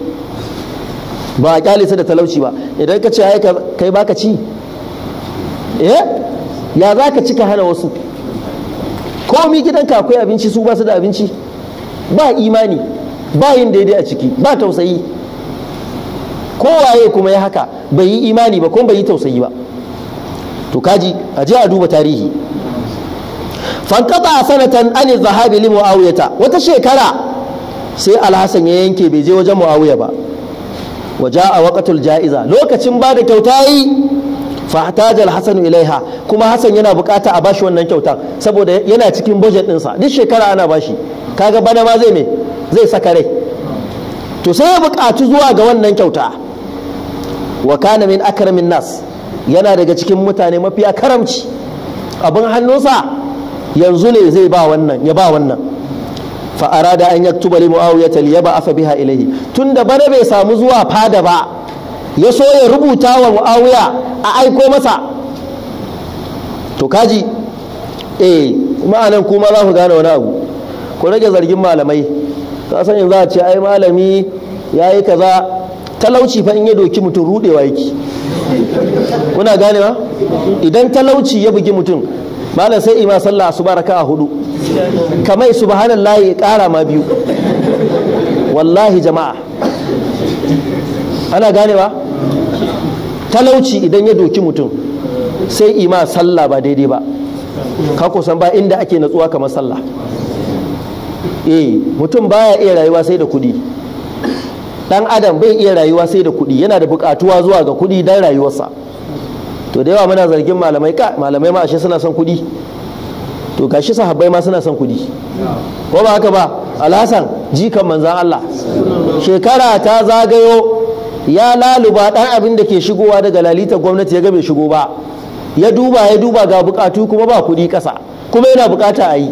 ba a kyalisa da talauci ba idan ka ce kai baka ci eh ya za ka cika hana wasu komi ka akwai abinci su ba su da abinci ba imani ba yin daidai a ciki ba tausayi Ko waye kuma ya haka bai yi imani ba kuma bai yi tausayi ba to kaji a je a duba tarihi fankata sanatan an zahabi li muawiyata wata shekara sai alhassan ya yanke bai je wajen muawiya ba waja a waqatul ja'iza lokacin ba da yi. fa hatajal ilaiha kuma hasan yana bukata a bashi wannan kyauta saboda yana cikin budget ɗinsa duk shekara ana bashi kaga bana ma zai me zai saka rai to sai ya bukatu zuwa ga wannan kyauta wa kana min akramin nas yana daga cikin mutane mafi karamci abin hannunsa yanzu ne zai ba wannan ya ba wannan fa arada an yaktuba li muawiya liyaba afa biha ilayhi tunda bana bai samu zuwa fada ba ya so ya rubuta wa mu'awiya a aiko masa to kaji eh ma'anan kuma za ku gane wani abu ku rage zargin malamai za san yanzu a ce ai malami ya yi kaza talauci fa in ya doki mutum rudewa yake kuna gane ba idan talauci ya bugi mutum malam sai ima sallah su baraka a hudu kamai subhanallahi ya kara ma biyu wallahi jama'a ana ganewa talauci idan ya doki mutum sai ima sallah ba daidai ba ka kusan ba inda ake natsuwa kamar sallah eh mutum baya iya rayuwa sai da kuɗi dan adam bai iya rayuwa sai da kuɗi yana da bukatuwa zuwa ga kuɗi dan rayuwarsa to da yawa muna zargin malamai ka malamai ma ashe suna son kuɗi to gashi sahabbai ma suna son kuɗi ko ba haka ba alhasan jikan manzan Allah shekara ta zagayo ya laluba ɗan abin da ke shigowa daga lalita gwamnati ya ga bai shigo ba ya duba ya duba ga bukatu kuma ba kuɗi ƙasa kuma yana bukata a yi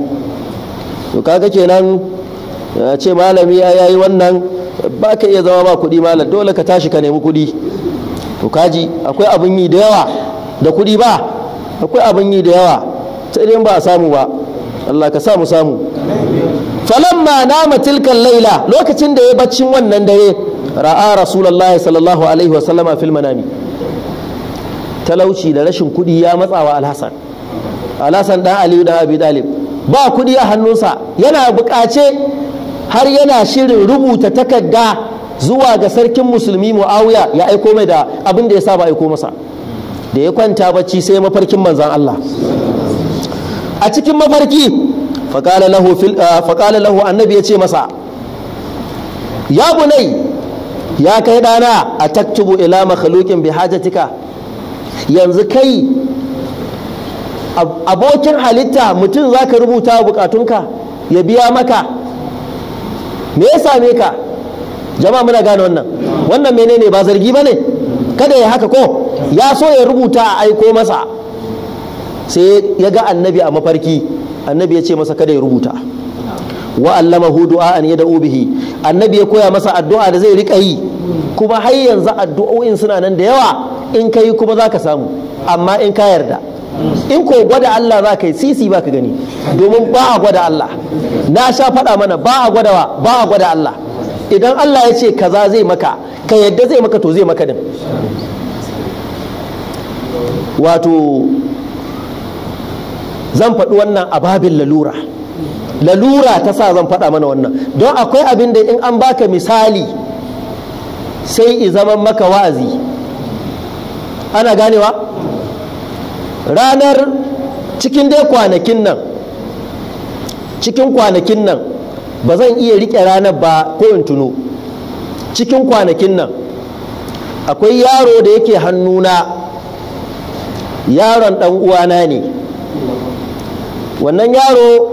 to kaga kenan a ce malami ya yi wannan ba ka iya zama ba kuɗi malam dole ka tashi ka nemi kuɗi to kaji akwai abin yi da yawa da kuɗi ba akwai abin yi da yawa sai dai ba a samu ba Allah ka samu samu falamma nama tilkan laila lokacin da ya baccin wannan dare ra'a rasulullahi sallallahu alaihi wasallama fil manami talauci da rashin kuɗi ya matsawa alhassan alhassan dan aliyu dan abi dalib ba kuɗi a hannunsa yana buƙace har yana shirin rubuta takarda zuwa ga sarkin musulmi muawiya ya aiko mai da abin da ya saba aiko masa da ya kwanta bacci sai mafarkin manzan Allah a cikin mafarki faƙala lahu annabi ya ce masa ya bunai ya kai dana a taktubu ila makhluqin bi hajatika yanzu kai abokin halitta mutum zaka rubuta bukatunka ya biya maka me ya same ka jama'a muna gane wannan wannan menene ba zargi bane kada ya haka ko ya so ya rubuta a aiko masa sai ya ga annabi a mafarki annabi ya ce masa kada ya rubuta wa allamahu du'a'an yad'u bihi annabi ya koya masa addu'a da zai rika yi kuma har yanzu addu'o'in suna nan da yawa in ka kuma zaka samu amma in ka yarda in ko gwada Allah za ka yi sisi ba ka gani domin ba a gwada Allah na sha faɗa mana ba a gwada ba a gwada Allah idan Allah ya ce kaza zai maka ka yadda zai maka to zai maka din wato zan faɗi wannan a babin lalura lalura ta sa zan faɗa mana wannan don akwai abin da in an baka misali sai i zaman maka wa'azi ana ganewa ranar cikin dai kwanakin nan cikin kwanakin nan ba zan iya riƙe ranar ba ko in tuno cikin kwanakin nan akwai yaro da yake hannuna yaron ɗan uwana ne wannan yaro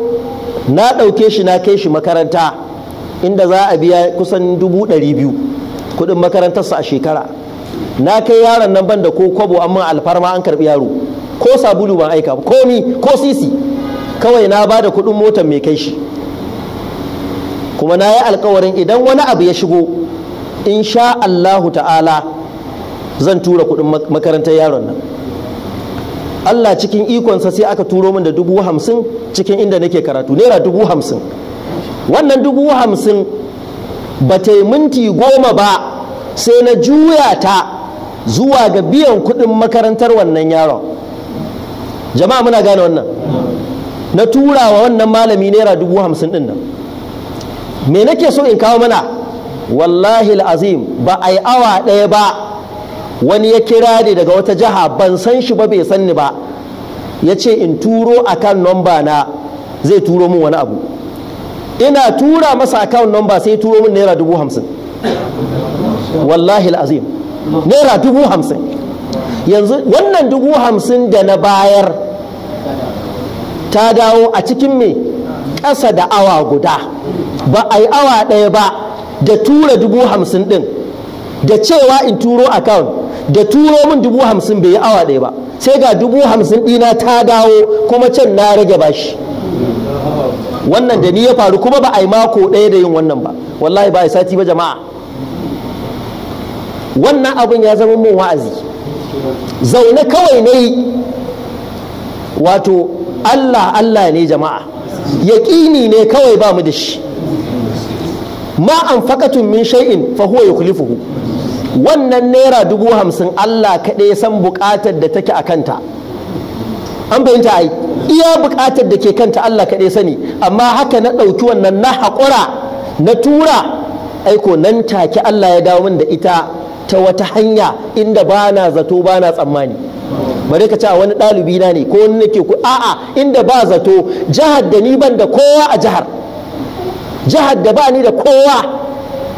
na ɗauke shi na kai shi makaranta inda za a biya kusan dubu ɗari biyu kuɗin makarantarsa a shekara na kai yaron nan ban da ko kwabo amma alfarma an karɓi yaro ko sabulu ban aika ko ni ko sisi kawai na ba da kuɗin motar mai kai shi kuma na yi alkawarin idan wani abu ya shigo in sha Allahu ta'ala zan tura kuɗin makarantar yaron nan Allah cikin ikonsa sai aka turo min da dubu hamsin cikin inda nake karatu naira dubu hamsin wannan dubu hamsin ba ta yi minti goma ba sai na juya ta zuwa ga biyan kuɗin makarantar wannan yaron jama'a muna gane wannan na tura wa wannan malami naira dubu hamsin ɗin nan me nake so in kawo mana wallahi azim ba a yi awa ɗaya ba wani ya kira ni daga wata jiha ban san shi ba bai san ni ba ya ce in turo kan nomba na zai turo min wani abu ina tura masa account number sai turo min naira dubu hamsin wallahi azim naira dubu hamsin yanzu wannan dubu hamsin da na bayar ta dawo a cikin me ƙasa da awa guda ba a yi awa ɗaya ba da tura dubu hamsin ɗin da cewa in turo account da turo min dubu hamsin bai yi awa ɗaya ba sai ga dubu hamsin ɗina ta dawo kuma can na rage bashi wannan da ni ya faru kuma ba a yi mako ɗaya da yin wannan ba wallahi ba a yi sati ba jama'a wannan abin ya zama min wa'azi zaune kawai ne wato allah allah ne jama'a yaƙini ne kawai ba mu da shi ma an faƙatun min shay'in fa huwa yukhlifuhu wannan naira dubu hamsin Allah kaɗai ya san buƙatar da take a kanta an fahimta ai iya buƙatar da ke kanta Allah kaɗai sani amma haka na ɗauki wannan na haƙura na tura aiko nan take Allah ya dawo min da ita ta wata hanya inda ba na zato ba na tsammani bari ka ce a wani ɗalibi na ne ko wani nake ku a'a inda ba zato jihar da ni ban da kowa a jihar jihar da ba ni da kowa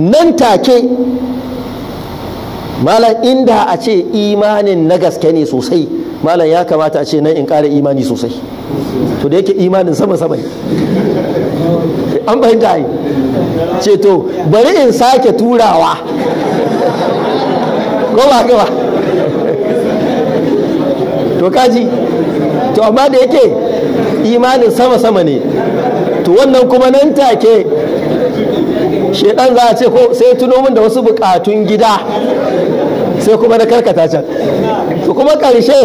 nan take malam inda a ce imanin na gaske ne sosai malam ya kamata a ce nan in ƙara imani sosai to da yake imanin sama sama ne an fahimta yi ce to bari in sake turawa ko ba gaba to kaji to amma da yake imanin sama sama ne to wannan kuma nan take shedan za a ce ko sai tuno min da wasu bukatun gida sai kuma na karkata can to kuma karshe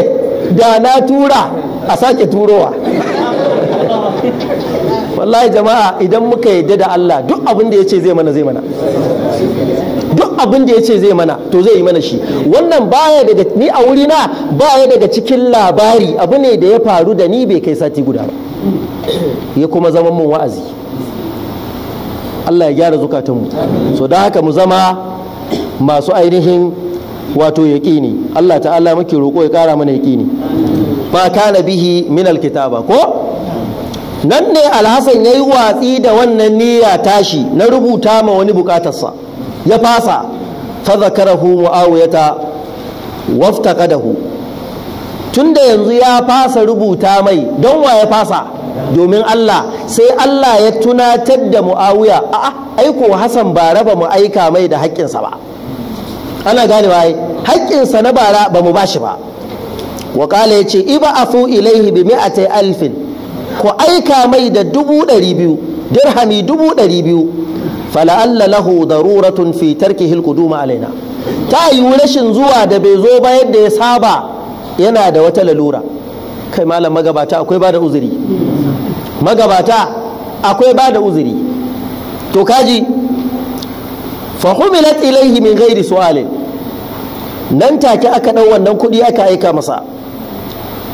da na tura a sake turowa wallahi jama'a idan muka yadda da Allah duk abin da ya ce zai mana zai mana duk abin da ya ce zai mana to zai yi mana shi wannan baya daga ni a wurina baya daga cikin labari abu ne da ya faru da ni bai kai sati guda ba ya kuma zama mun wa'azi Allah ya gyara zukatanmu so da haka mu zama masu ainihin wato yaƙini Allah ta'ala muke roƙo ya ƙara mana yaƙini ba na bihi min alkitaba ko nan ne alhassan ya yi watsi da wannan niyya tashi na rubuta ma wani bukatarsa ya fasa fa zakarahu mu'awiyata waftaqadahu tunda yanzu ya fasa rubuta mai don wa ya fasa domin Allah sai Allah ya tunatar da mu'awiya a'a aiko Hassan ba raba mu aika mai da haƙƙinsa ba ana gane waye haƙƙinsa na bara ba mu bashi ba wa ya ce iba afu ilaihi bi mi'ata alfin ku aika mai da dubu ɗari biyu dirhami dubu ɗari biyu fala'alla lahu daruratun fi tarkihi alquduma alaina ta yi rashin zuwa da bai zo ba yadda ya saba yana da wata lalura kai malam magabata akwai ba da uzuri magabata akwai ba da uzuri to kaji fahumilat ilaihi min ghairi su'alin nan take aka ɗau wannan kuɗi aka aika masa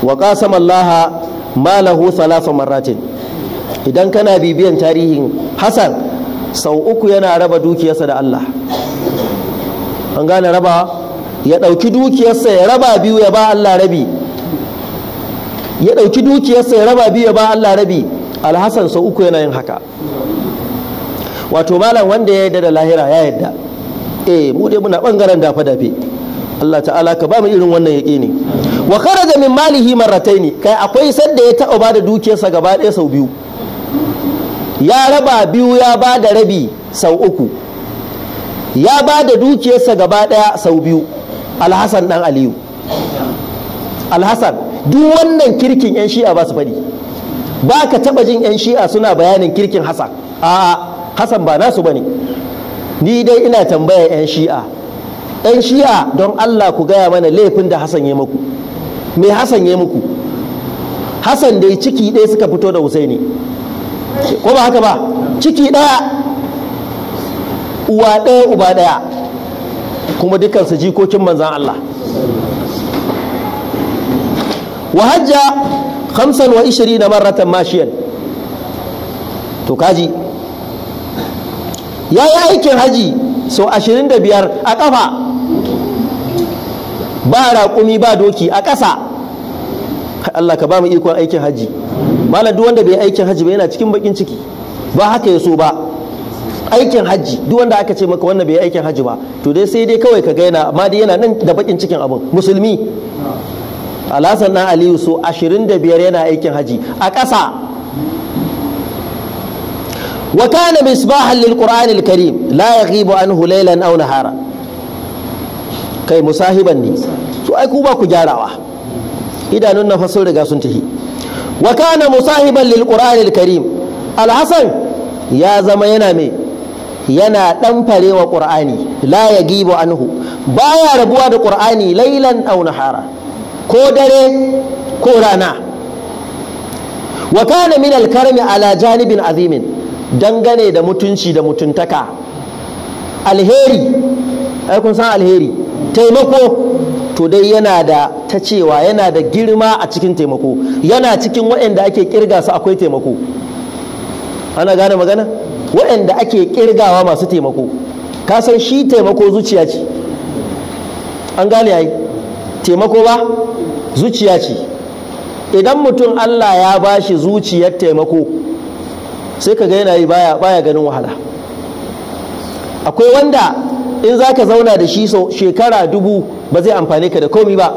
wa qasama Allah ma lahu marratin idan kana bibiyan tarihin Hassan sau uku yana raba dukiyarsa da Allah an gane rabawa? ya ɗauki dukiyarsa ya raba biyu ya ba Allah rabi ya ɗauki dukiyarsa ya raba biyu ya ba Allah rabi alhassan sau uku yana yin haka wato malam wanda ya yarda da lahira ya yarda eh mu dai muna bangaren dafe dafe Allah ta'ala ka ba mu irin wannan ya ne wa kharaja min malihi marrataini kai akwai sanda ya taɓa ba da dukiyarsa gaba ɗaya sau biyu ya raba biyu ya ba da rabi sau uku ya ba da dukiyarsa gaba ɗaya sau biyu alhassan dan aliyu alhassan duk wannan kirkin 'yan shi'a ba su faɗi ba ka taɓa jin 'yan shi'a suna bayanin kirkin hassan a hassan ba nasu ba ne ni dai ina tambaya 'yan shi'a 'yan shi'a don allah ku gaya mana laifin da hassan ya muku me hassan ya muku hassan dai ciki ɗaya suka fito da husaini ko ba haka ba ciki ɗaya uwa ɗaya uba ɗaya kuma dukansu jikokin manzan Allah wa hajja khamsan wa ishiri na mashiyan to kaji ya yi aikin haji sau ashirin da biyar a ƙafa ba raƙumi ba doki a ƙasa Allah ka ba mu ikon aikin haji malam duk wanda bai aikin haji ba yana cikin bakin ciki ba haka ya so ba aikin hajji duk wanda aka ce maka wannan bai aikin hajji ba to dai sai dai kawai ka ga yana amma dai yana nan da bakin cikin abin musulmi alhassan na aliyu so 25 yana aikin haji a ƙasa wa kana misbahan lil qur'anil karim la yaghibu anhu laylan aw nahara kai musahiban ne so ai ku ba ku gyarawa idanun na fasul riga sun tahi wa kana musahiban lil qur'anil karim alhassan ya zama yana mai yana ɗan farewa ƙur'ani la ya gibu anhu baya rabuwa da ƙur'ani lailan au nahara ko dare ko rana wa kana min alkarmi ala janibin azimin dangane da mutunci da mutuntaka alheri ai kun san alheri taimako to dai yana da ta cewa yana da girma a cikin taimako yana cikin waɗanda ake kirga su akwai taimako ana gane magana waɗanda ake ƙirgawa masu taimako ka san shi taimako zuciya ce an gane yayi taimako ba zuciya ce idan mutum Allah ya ba shi zuciyar taimako sai ka ga yana yi baya baya ganin wahala akwai wanda in za ka zauna da shi sau shekara dubu ba zai amfane ka da komi ba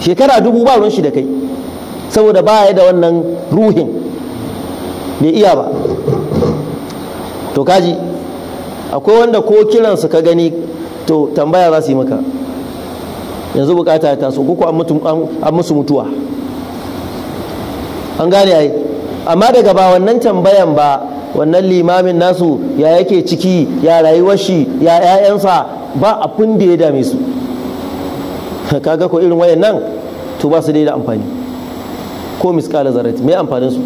shekara dubu ba ruwan shi da kai saboda baya da wannan ruhin bai iya ba to kaji akwai wanda ko kiransu ka gani to tambaya za su yi maka yanzu bukata ta so kuku an musu mutuwa an gane ai amma daga ba wannan tambayan ba wannan limamin nasu ya yake ciki ya rayuwar shi ya 'ya'yansa ba abin da ya dame su kaga ko irin wayan nan to ba su da amfani ko miskala zarati me amfanin su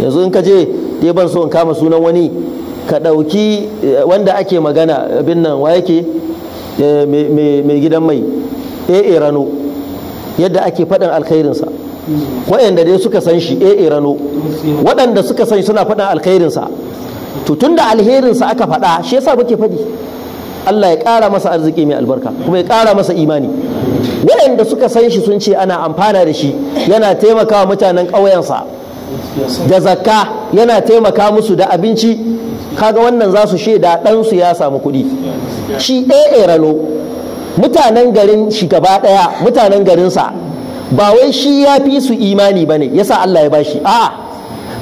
yanzu in ka je dai ban so in kama sunan wani ka ɗauki eh, wanda ake magana abin nan wa yake eh, mai gidan mai e rano yadda ake faɗin alkhairinsa waɗanda dai suka san shi e rano waɗanda suka san suna faɗin alkhairinsa to tun da alherinsa aka faɗa shi yasa muke faɗi Allah ya ƙara masa arziki mai albarka kuma ya ƙara masa imani waɗanda suka san shi sun ce ana amfana da shi yana taimakawa mutanen ƙauyensa da zakka yana taimaka musu da abinci kaga wannan za su shaida ɗansu ya samu kuɗi shi ɗaya rano mutanen garin shi gaba ɗaya mutanen garinsa ba wai shi ya fi su imani ba yasa Allah ya bashi a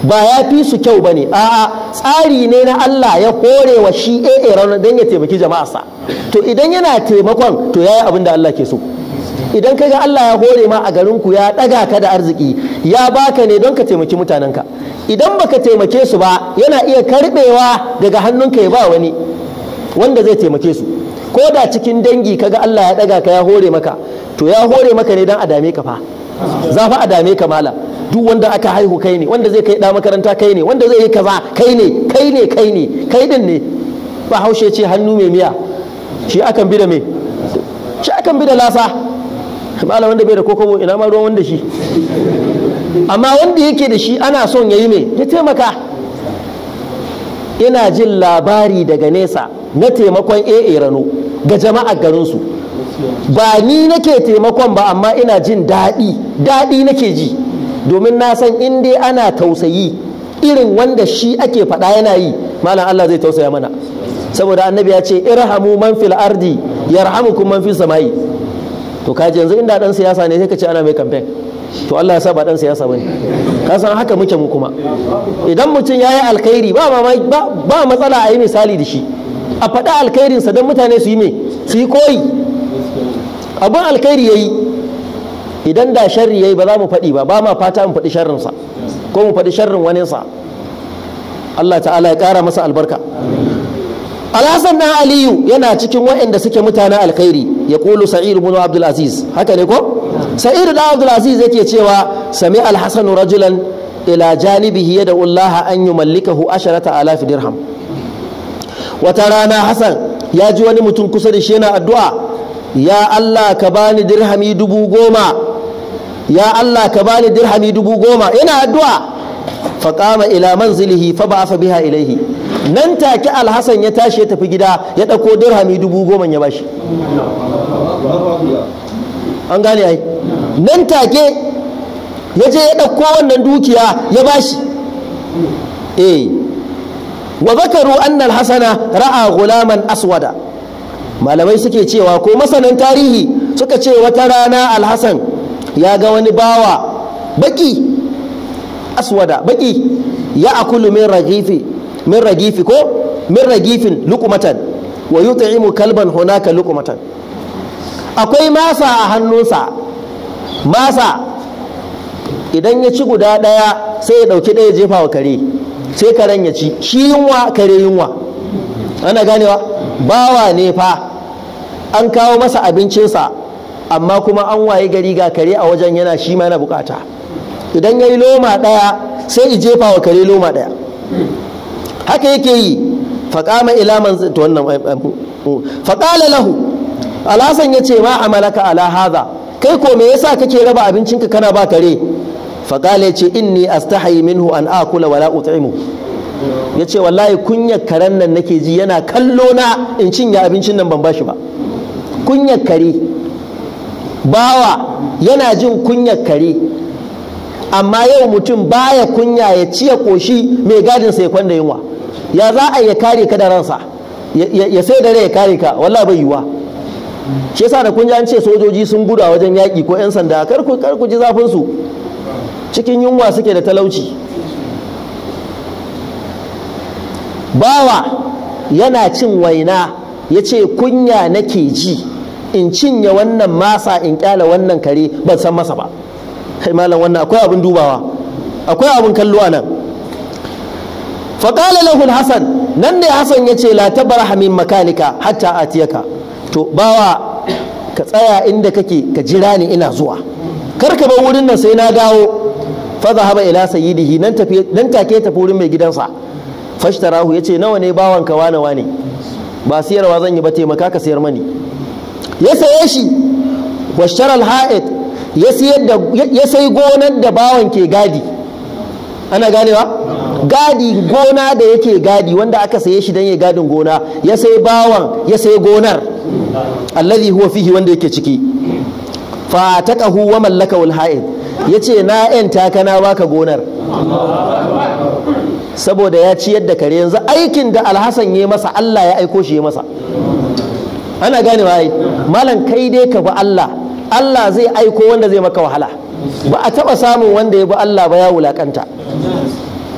ba ya fi su kyau ba ne a'a tsari ne na Allah ya hore wa shi ɗaya rano don ya taimaki jama'arsa to idan yana taimakon to ya yi abin da Allah ke so idan ka ga Allah ya hore ma a garin ku ya ɗaga ka da arziki ya baka ne don ka taimaki mutanen ka. idan baka taimake su ba yana iya karɓewa daga hannunka ya ba wani wanda zai taimake su ko da cikin dangi ka ga Allah ya ɗaga ka ya hore maka to ya hore maka ne don a dame ka fa za fa a dame ka mala duk wanda aka haihu kai ne wanda zai kai ɗa makaranta kai ne wanda zai yi kaza kai ne kai ne kai ne kai din ne ba haushe ce hannu mai miya shi akan bi da me shi akan bi da lasa malam wanda bai da kokobo ina ma ruwan wanda shi amma wanda yake da shi ana son ya yi me ya taimaka ina jin labari daga nesa na taimakon AA rano ga jama'ar garinsu ba ni nake taimakon ba amma ina jin daɗi daɗi nake ji domin na san in dai ana tausayi irin wanda shi ake faɗa yana yi malam Allah zai tausaya mana saboda annabi ya ce irhamu man fil ardi yarhamukum man fis samai to kaji yanzu inda dan siyasa ne sai ka ce ana mai campaign to Allah ya sa ba dan siyasa bane ka san haka muke mu kuma idan mutum yayi alkhairi ba ba matsala a yi misali da shi a faɗa sa don mutane su yi me su yi koyi abun alkhairi yayi idan da sharri yayi ba za mu faɗi ba ba ma fata mu faɗi sharrinsa ko mu faɗi sharrin waninsa Allah ta'ala ya ƙara masa albarka alhassan na aliyu yana cikin waɗanda suke mutanen alkhairi ya kulu Sa'idu bin abdul haka ne ko Sa'idu da abdul aziz yake cewa sami alhassan rajulan ila janibihi da allaha an yumallikahu asharata alaf dirham wata rana hassan ya ji wani mutum kusa da shi yana addu'a ya allah ka bani dirhami dubu goma ya allah ka bani dirhami dubu goma Ina addu'a faqama ila manzilihi fa fa biha ilaihi nan take alhassan ya tashi ya tafi gida ya ɗauko dirhami dubu goma ya bashi an gane ai nan take ya je ya ɗauko wannan dukiya ya bashi eh wa zakaru anna hasana ra'a gulaman aswada malamai suke cewa ko masanan tarihi suka ce wata rana alhassan ya ga wani bawa baki aswada baki ya akulu min ragifi min ragifi ko min ragifin lukumatan wa yut'imu kalban hunaka lukumatan akwai masa a hannunsa masa idan ya ci guda ɗaya sai ya ɗauki ɗaya jefa wa kare sai karen ya ci shi yunwa kare yunwa ana ganewa bawa ne fa an kawo masa abincinsa amma kuma an waye gari ga kare a wajen yana shi ma na bukata idan ya yi loma ɗaya sai ya jefa wa kare loma ɗaya haka yake yi faƙama ila man ta wannan eh, eh, faƙala lahu alhassan ya ce ma amalaka ala hadha kai ko me yasa kake raba abincinka kana ba kare faƙala ya ce inni astahayi minhu an akula wala ut'imu ya ce wallahi kunyar karen nan nake ji yana kallo na in cinye abincin nan ban bashi ba kunyar kare bawa yana jin kunyar kare amma yau mutum baya kunya ya ci ya koshi mai gadin sai kwanda yunwa ya za a ya kare ka da ransa ya sai dare ya kare ka walla bai yiwa shi yasa da kunya an ce sojoji sun guda wajen yaƙi ko 'yan sanda kar ku kar ku ji zafin su cikin yunwa suke da talauci bawa yana cin waina ya ce kunya nake ji in cinye wannan masa in kyala wannan kare ban san masa ba kai malam wannan akwai abin dubawa akwai abin kallo a nan faƙala lahul hasan nan ne Hassan ya ce la tabar hamin makanika hatta a tiyaka, to bawa ka tsaya inda kake ka jira ni ina zuwa kar ka bar wurin nan sai na dawo fa zahaba ila sayyidihi nan tafi nan take tafi wurin mai gidansa fashtarahu yace nawa ne bawan ka wane wane ba siyarwa zan yi ba taimaka ka sayar mani ya saye shi washtara al-ha'id ya sai gonar da bawan ke gadi ana ganewa gadi gona da yake gadi wanda aka saye shi don ya gadin gona ya sai bawan ya sai gonar allazi huwa fihi wanda yake ciki fa taqahu wa mallaka wal ha'id yace na yan na baka gonar saboda ya ciyar da kare yanzu aikin da alhassan ya masa Allah ya aiko shi ya masa ana ganewa ai malam kai dai ka bi Allah Allah zai aiko wanda zai maka wahala ba a taɓa samun wanda ya bi Allah ba ya wulakanta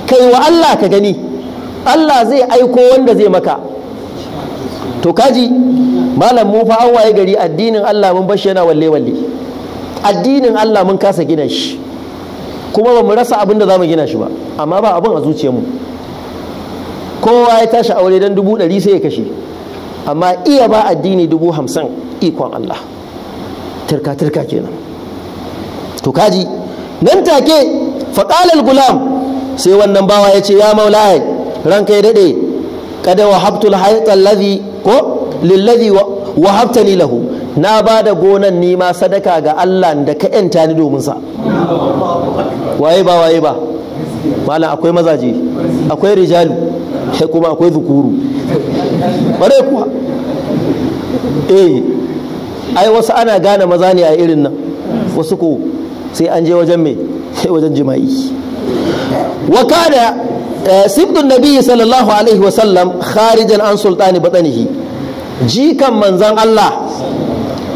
kai wa Allah ka gani Allah zai aiko wanda zai maka to kaji malam mu fa an waye gari addinin Allah mun bashi yana walle walle addinin Allah mun kasa gina shi kuma ba mu rasa abin da za mu gina shi ba amma ba abin a mu. kowa ya tashi aure dan dubu ɗari sai ya kashe amma iya ba addini dubu hamsin ikon Allah turka-turka kenan to kaji nan take faƙalar gulam sai wannan bawa ya ce ya maulaye ranka ya daɗe kada wahabtul haitan lazi ko lillazi wahabtani lahu na ba da gonan nima sadaka ga Allah da ka yanta ni domin sa waye ba waye ba malam akwai mazaje akwai rijalu sai kuma akwai zukuru bare kuwa eh ai wasu ana gane maza ne a irin nan wasu ko sai an je wajen mai sai wajen jima'i wa kana eh, sibdun nabi sallallahu alaihi wa sallam kharijan an sultani batanihi jikan Manzon Allah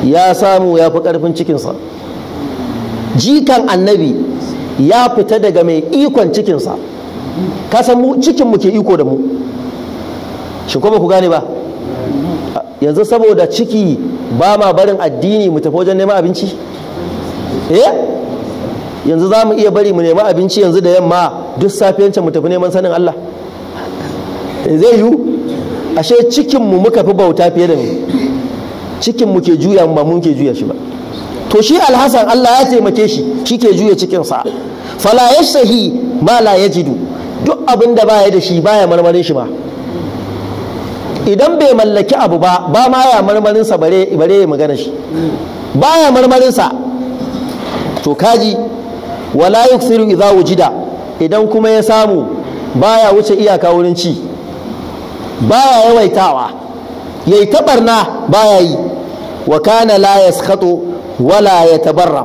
ya samu ya fi karfin cikinsa jikan annabi ya fita daga mai ikon cikinsa kasan mu cikin mu ke iko da mu shi ba ku gane ba yanzu saboda ciki ba ma barin addini mu tafi wajen neman abinci eh yanzu za mu iya bari mu nema abinci yanzu da yamma duk safiyancin mu tafi neman sanin Allah eh, zai yiwu ashe cikin muka fi bauta fiye da mu cikin mu ke juya mu ba mun ke juya shi ba to shi Alhassan Allah ya taimake shi shi ke juya cikin sa fala yashtahi ma la yajidu duk abin da baya da shi baya marmarin shi ba idan bai mallaki abu ba ba ma ya marmarinsa bare bare ya magana shi ba ya marmarinsa to kaji wala yuksiru idza wujida idan kuma ya samu baya wuce iyaka wurin ci baya yawaitawa yayi tabarna baya yi wa kana la yaskhatu wala tabarra.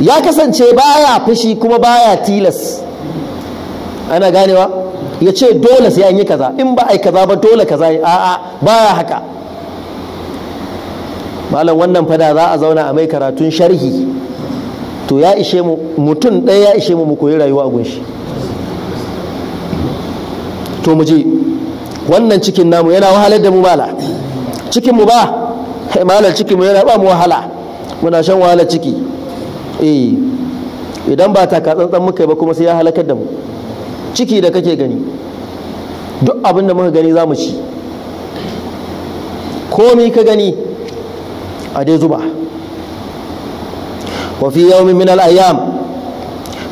ya kasance baya fushi kuma baya tilas ana ganewa ya ce dole sai an yi kaza in ba a yi kaza ba dole kaza yi a'a ba ya haka malam wannan fada za a zauna a mai karatun sharhi to ya ishe mu mutum ɗaya ya ishe mu mu koyi rayuwa a gunshi to mu je wannan cikin namu yana wahalar da mu bala cikin mu ba malar cikin mu yana ba mu wahala muna shan wahalar ciki eh idan ba ta tsantsan muka yi ba kuma sai ya halakar da mu ciki da kake gani duk abin da muka gani za mu ci komai ka gani a dai zuba wa fi yawmin min al-ayyam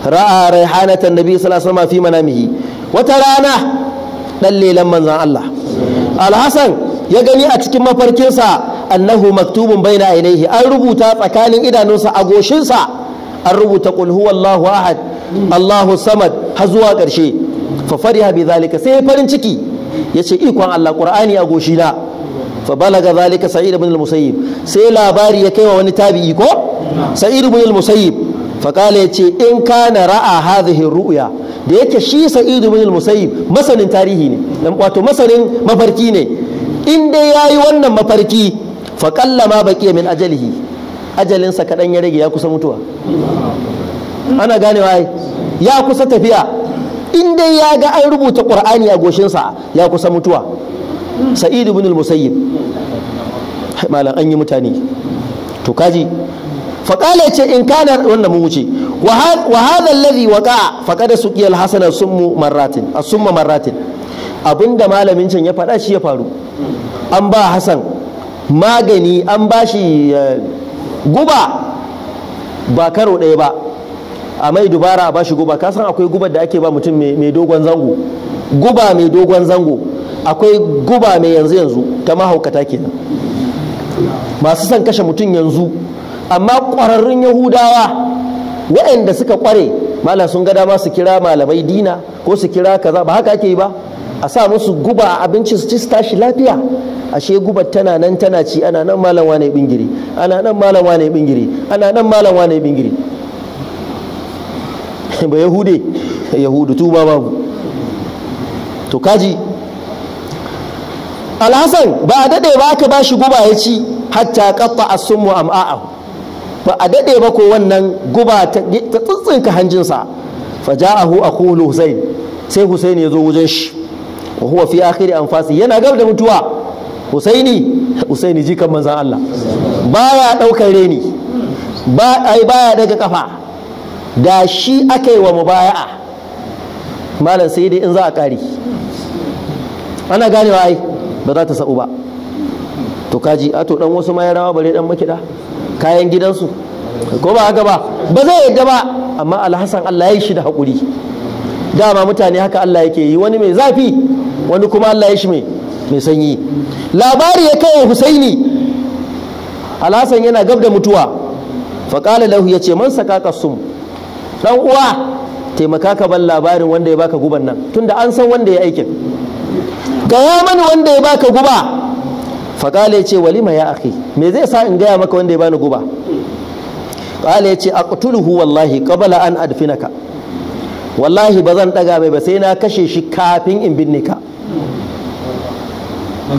ra'a raihanatan nabi sallallahu alaihi wasallam fi manamihi wata rana dan lelan manzon Allah AlHassan ya gani a cikin mafarkinsa annahu maktubun baina ainihi an rubuta tsakanin idanunsa a goshinsa an rubuta qul huwallahu ahad allahu samad har zuwa ƙarshe fa fariha bi zalika sai farin ciki ya ce ikon Allah Qur'ani a goshi na fa balaga zalika sa'id ibn al-musayyib sai labari ya kai wa wani tabi'i ko sa'id ibn al-musayyib fa kala yace in kana ra'a hadhihi ru'ya da yake shi Sa'idu ibn al-musayyib masanin tarihi ne dan wato masanin mafarki ne in dai yayi wannan mafarki fa ma baqiya min ajalihi ajalinsa kadan ya rage ya kusa mutuwa ana ganewa ai ya kusa tafiya in dai ya ga an rubuta ƙwar'ani a goshinsa ya kusa mutuwa Sa'idu bin al-musayyib malam an yi mutane to kaji faƙala ce in kana wannan mun wuce wa hadha alladhi waqa faqad suqiya al-hasan summu marratin as-summa marratin abinda malamin can ya faɗa shi ya faru an ba hasan magani an ba shi eh, guba ba karo ɗaya ba a mai dubara a bashi guba kasan akwai gubar da ake ba mutum mai dogon zango guba mai dogon zango akwai guba mai yanzu yanzu ta mahaukata kenan masu son kashe mutum yanzu amma ƙwararrun yahudawa waɗanda suka ƙware mala sun ga dama su kira malamai dina ko su kira kaza ba haka ake yi ba a sa musu guba a abinci su ci su tashi lafiya ashe gubar tana nan tana ci ana nan malam wane bingiri ana nan malam wane bingiri ana nan malam wane bingiri ba yahude eh, yahudu tuba babu to kaji alhassan ba a daɗe ba aka ba shi guba ya ci hatta kafa a sun mu'am'a'a ba a daɗe ba ko wannan guba ta tsintsinka hanjinsa fa ja'ahu akhuhu husain sai husain ya zo wajen shi wa huwa fi akhiri anfasi yana gab da mutuwa husaini husaini jikan manzan Allah baya ɗaukar reni ba ai baya daga kafa da shi aka yi wa mubaya'a malam sai dai in za a ƙari ana ganewa ai ba za ta sa'u ba to kaji a to dan wasu ma ya rawa bare dan makida kayan gidansu ko ba haka ba ba zai yadda ba amma alhassan Allah ya yi shi da haƙuri dama mutane haka Allah yake yi wani mai zafi wani kuma Allah ya shi mai mai sanyi labari ya kai Husaini alhassan yana gab da mutuwa faƙala lahu ya ce man saka sum dan uwa taimaka ka ban labarin wanda ya baka guban nan tunda an san wanda ya aikin gaya mani wanda ya baka guba faƙala ya ce walima ya akhi me zai sa in gaya maka wanda ya bani guba ƙala ya ce aqtuluhu wallahi qabla an adfinaka wallahi ba zan ɗaga mai ba sai na kashe shi kafin in binne ka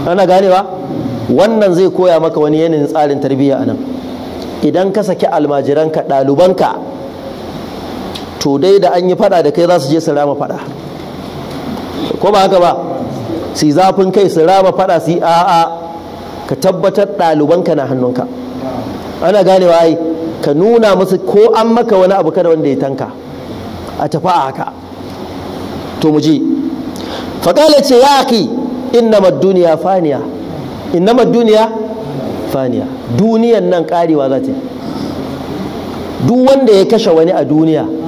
ana gane ba. wannan zai koya maka wani yanayin tsarin tarbiyya anan idan ka saki almajiranka ɗalibanka to dai da an yi fada da kai za su je su rama fada ko ba haka ba su zafin kai su rama fada su a'a ka tabbatar ɗalibanka na hannunka ana ganewa ai ka nuna musu ko an maka wani abu kada wanda ya tanka a tafi a haka to mu ji faƙala ce ya ki innama duniya faniya innama duniya faniya duniyan nan ƙarewa za ta duk wanda ya kashe wani a duniya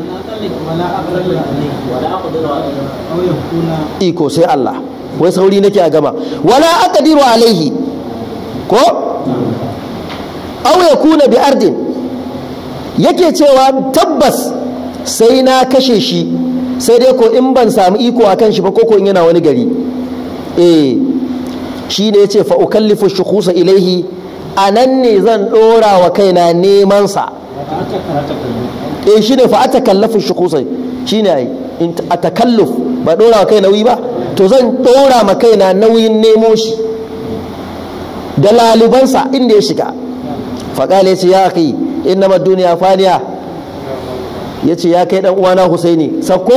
iko sai Allah wai sauri nake a gama wala aqdiru alaihi ko aw yakuna bi ardin yake cewa tabbas sai na kashe shi sai dai ko in ban samu iko akan shi ba ko ko in yana wani gari eh shi ne yace fa ukallifu shukusa ilaihi anan ne zan dora wa kaina neman sa eh shine fa a takallafin atakallafu sai. shine ne a atakalluf ba dora ma kai nauyi ba to zan dora ma na nauyin nemo shi da lalubansa inda ya shiga faƙale ya ce ya kai inna ma duniya faniya ya ce ya kai dan uwana husaini sakko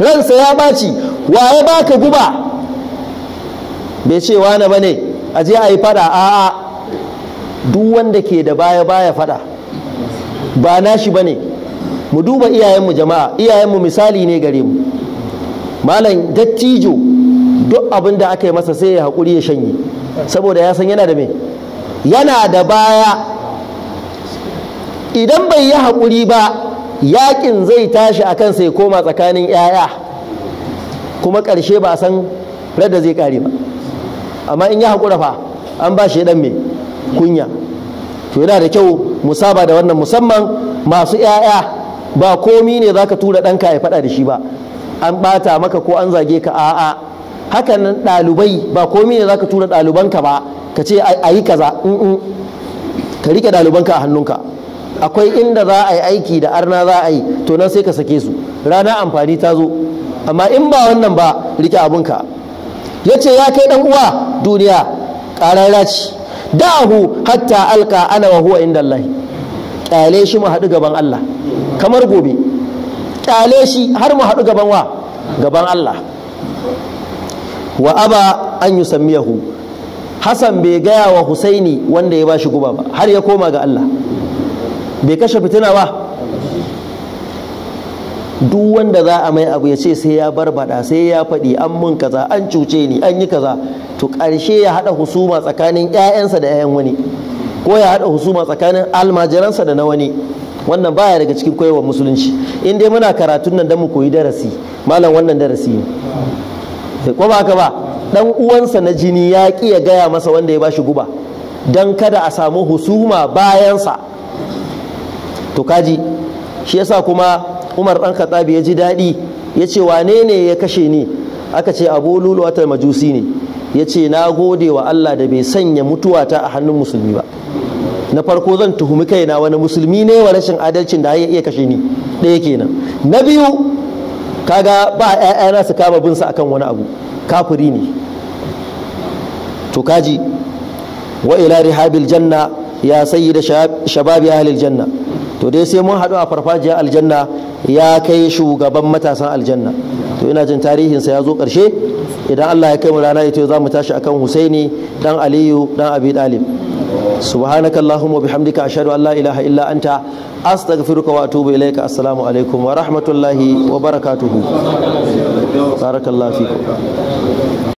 ransa ya baci wa ya baka guba bai ce wani ne a je a yi fada a'a duk wanda ke da baya baya fada ba nashi ba ne. mu duba iyayenmu jama'a iyayenmu misali ne gare mu malam dattijo duk abin da aka yi masa sai ya haƙuri ya shanye saboda ya san yana da me yana da baya idan bai yi haƙuri ba yakin zai tashi a kan sai koma tsakanin 'ya'ya kuma ƙarshe ba a san radda zai ƙare ba amma in ya haƙura fa an ba shi ɗan mai kunya to yana da kyau mu saba da wannan musamman masu 'ya'ya ba komi ne za ka tura ɗanka ya faɗa da shi ba an ɓata maka ko an zage ka a'a hakan nan ɗalibai ba komi ne za ka tura ɗalibanka ba ka ce a yi kaza ka riƙe ɗalibanka a hannunka akwai inda za a yi aiki da arna za a yi to nan sai ka sake su rana amfani ta zo amma in ba wannan ba riƙe abinka ya ce ya kai ɗan uwa duniya Ƙararra ce da'ahu hatta alka ana wa huwa inda Allah ƙyale shi mu haɗu gaban Allah kamar gobe kyale shi har mu haɗu gaban wa gaban Allah wa aba an yusammiyahu Hassan bai gaya wa Husaini wanda ya ba shi guba ba har ya koma ga Allah bai kashe fitina ba duk wanda za a mai abu ya ce sai ya barbada sai ya faɗi an mun kaza an cuce ni an yi kaza to ƙarshe ya haɗa husuma tsakanin 'ya'yansa da 'ya'yan wani ko ya haɗa husuma tsakanin almajiransa da na wani wannan baya daga cikin koyarwa musulunci in dai muna karatun nan da mu koyi darasi malam wannan darasi ne ko ba ka ba dan uwansa na jini ya ki ya gaya masa wanda ya bashi guba dan kada a samu husuma bayansa to kaji shi yasa kuma Umar dan Khattab ya ji dadi ya ce wane ne ya kashe ni aka ce Abu Lulu'atul Majusi ne ya ce na gode wa Allah da bai sanya mutuwata a hannun musulmi ba na farko zan tuhumi kaina wani musulmi ne wa rashin adalcin da ya iya kashe ni ɗaya kenan na biyu kaga ba ƴaƴana su kama bin sa akan wani abu kafiri ne to kaji wa ila rihabil janna ya sayyida ya ahlil janna to dai sai mun haɗu a farfajiyar aljanna ya kai shugaban matasan aljanna to ina jin tarihinsa ya zo ƙarshe idan allah ya kai mu rana ita za mu tashi akan husaini dan aliyu dan abi dalib subhanaka allahumma bihamdika ashhadu an la ilaha illa anta astaghfiruka wa atubu ilaika assalamu alaikum wa rahmatullahi wa barakatuhu barakallahu fikum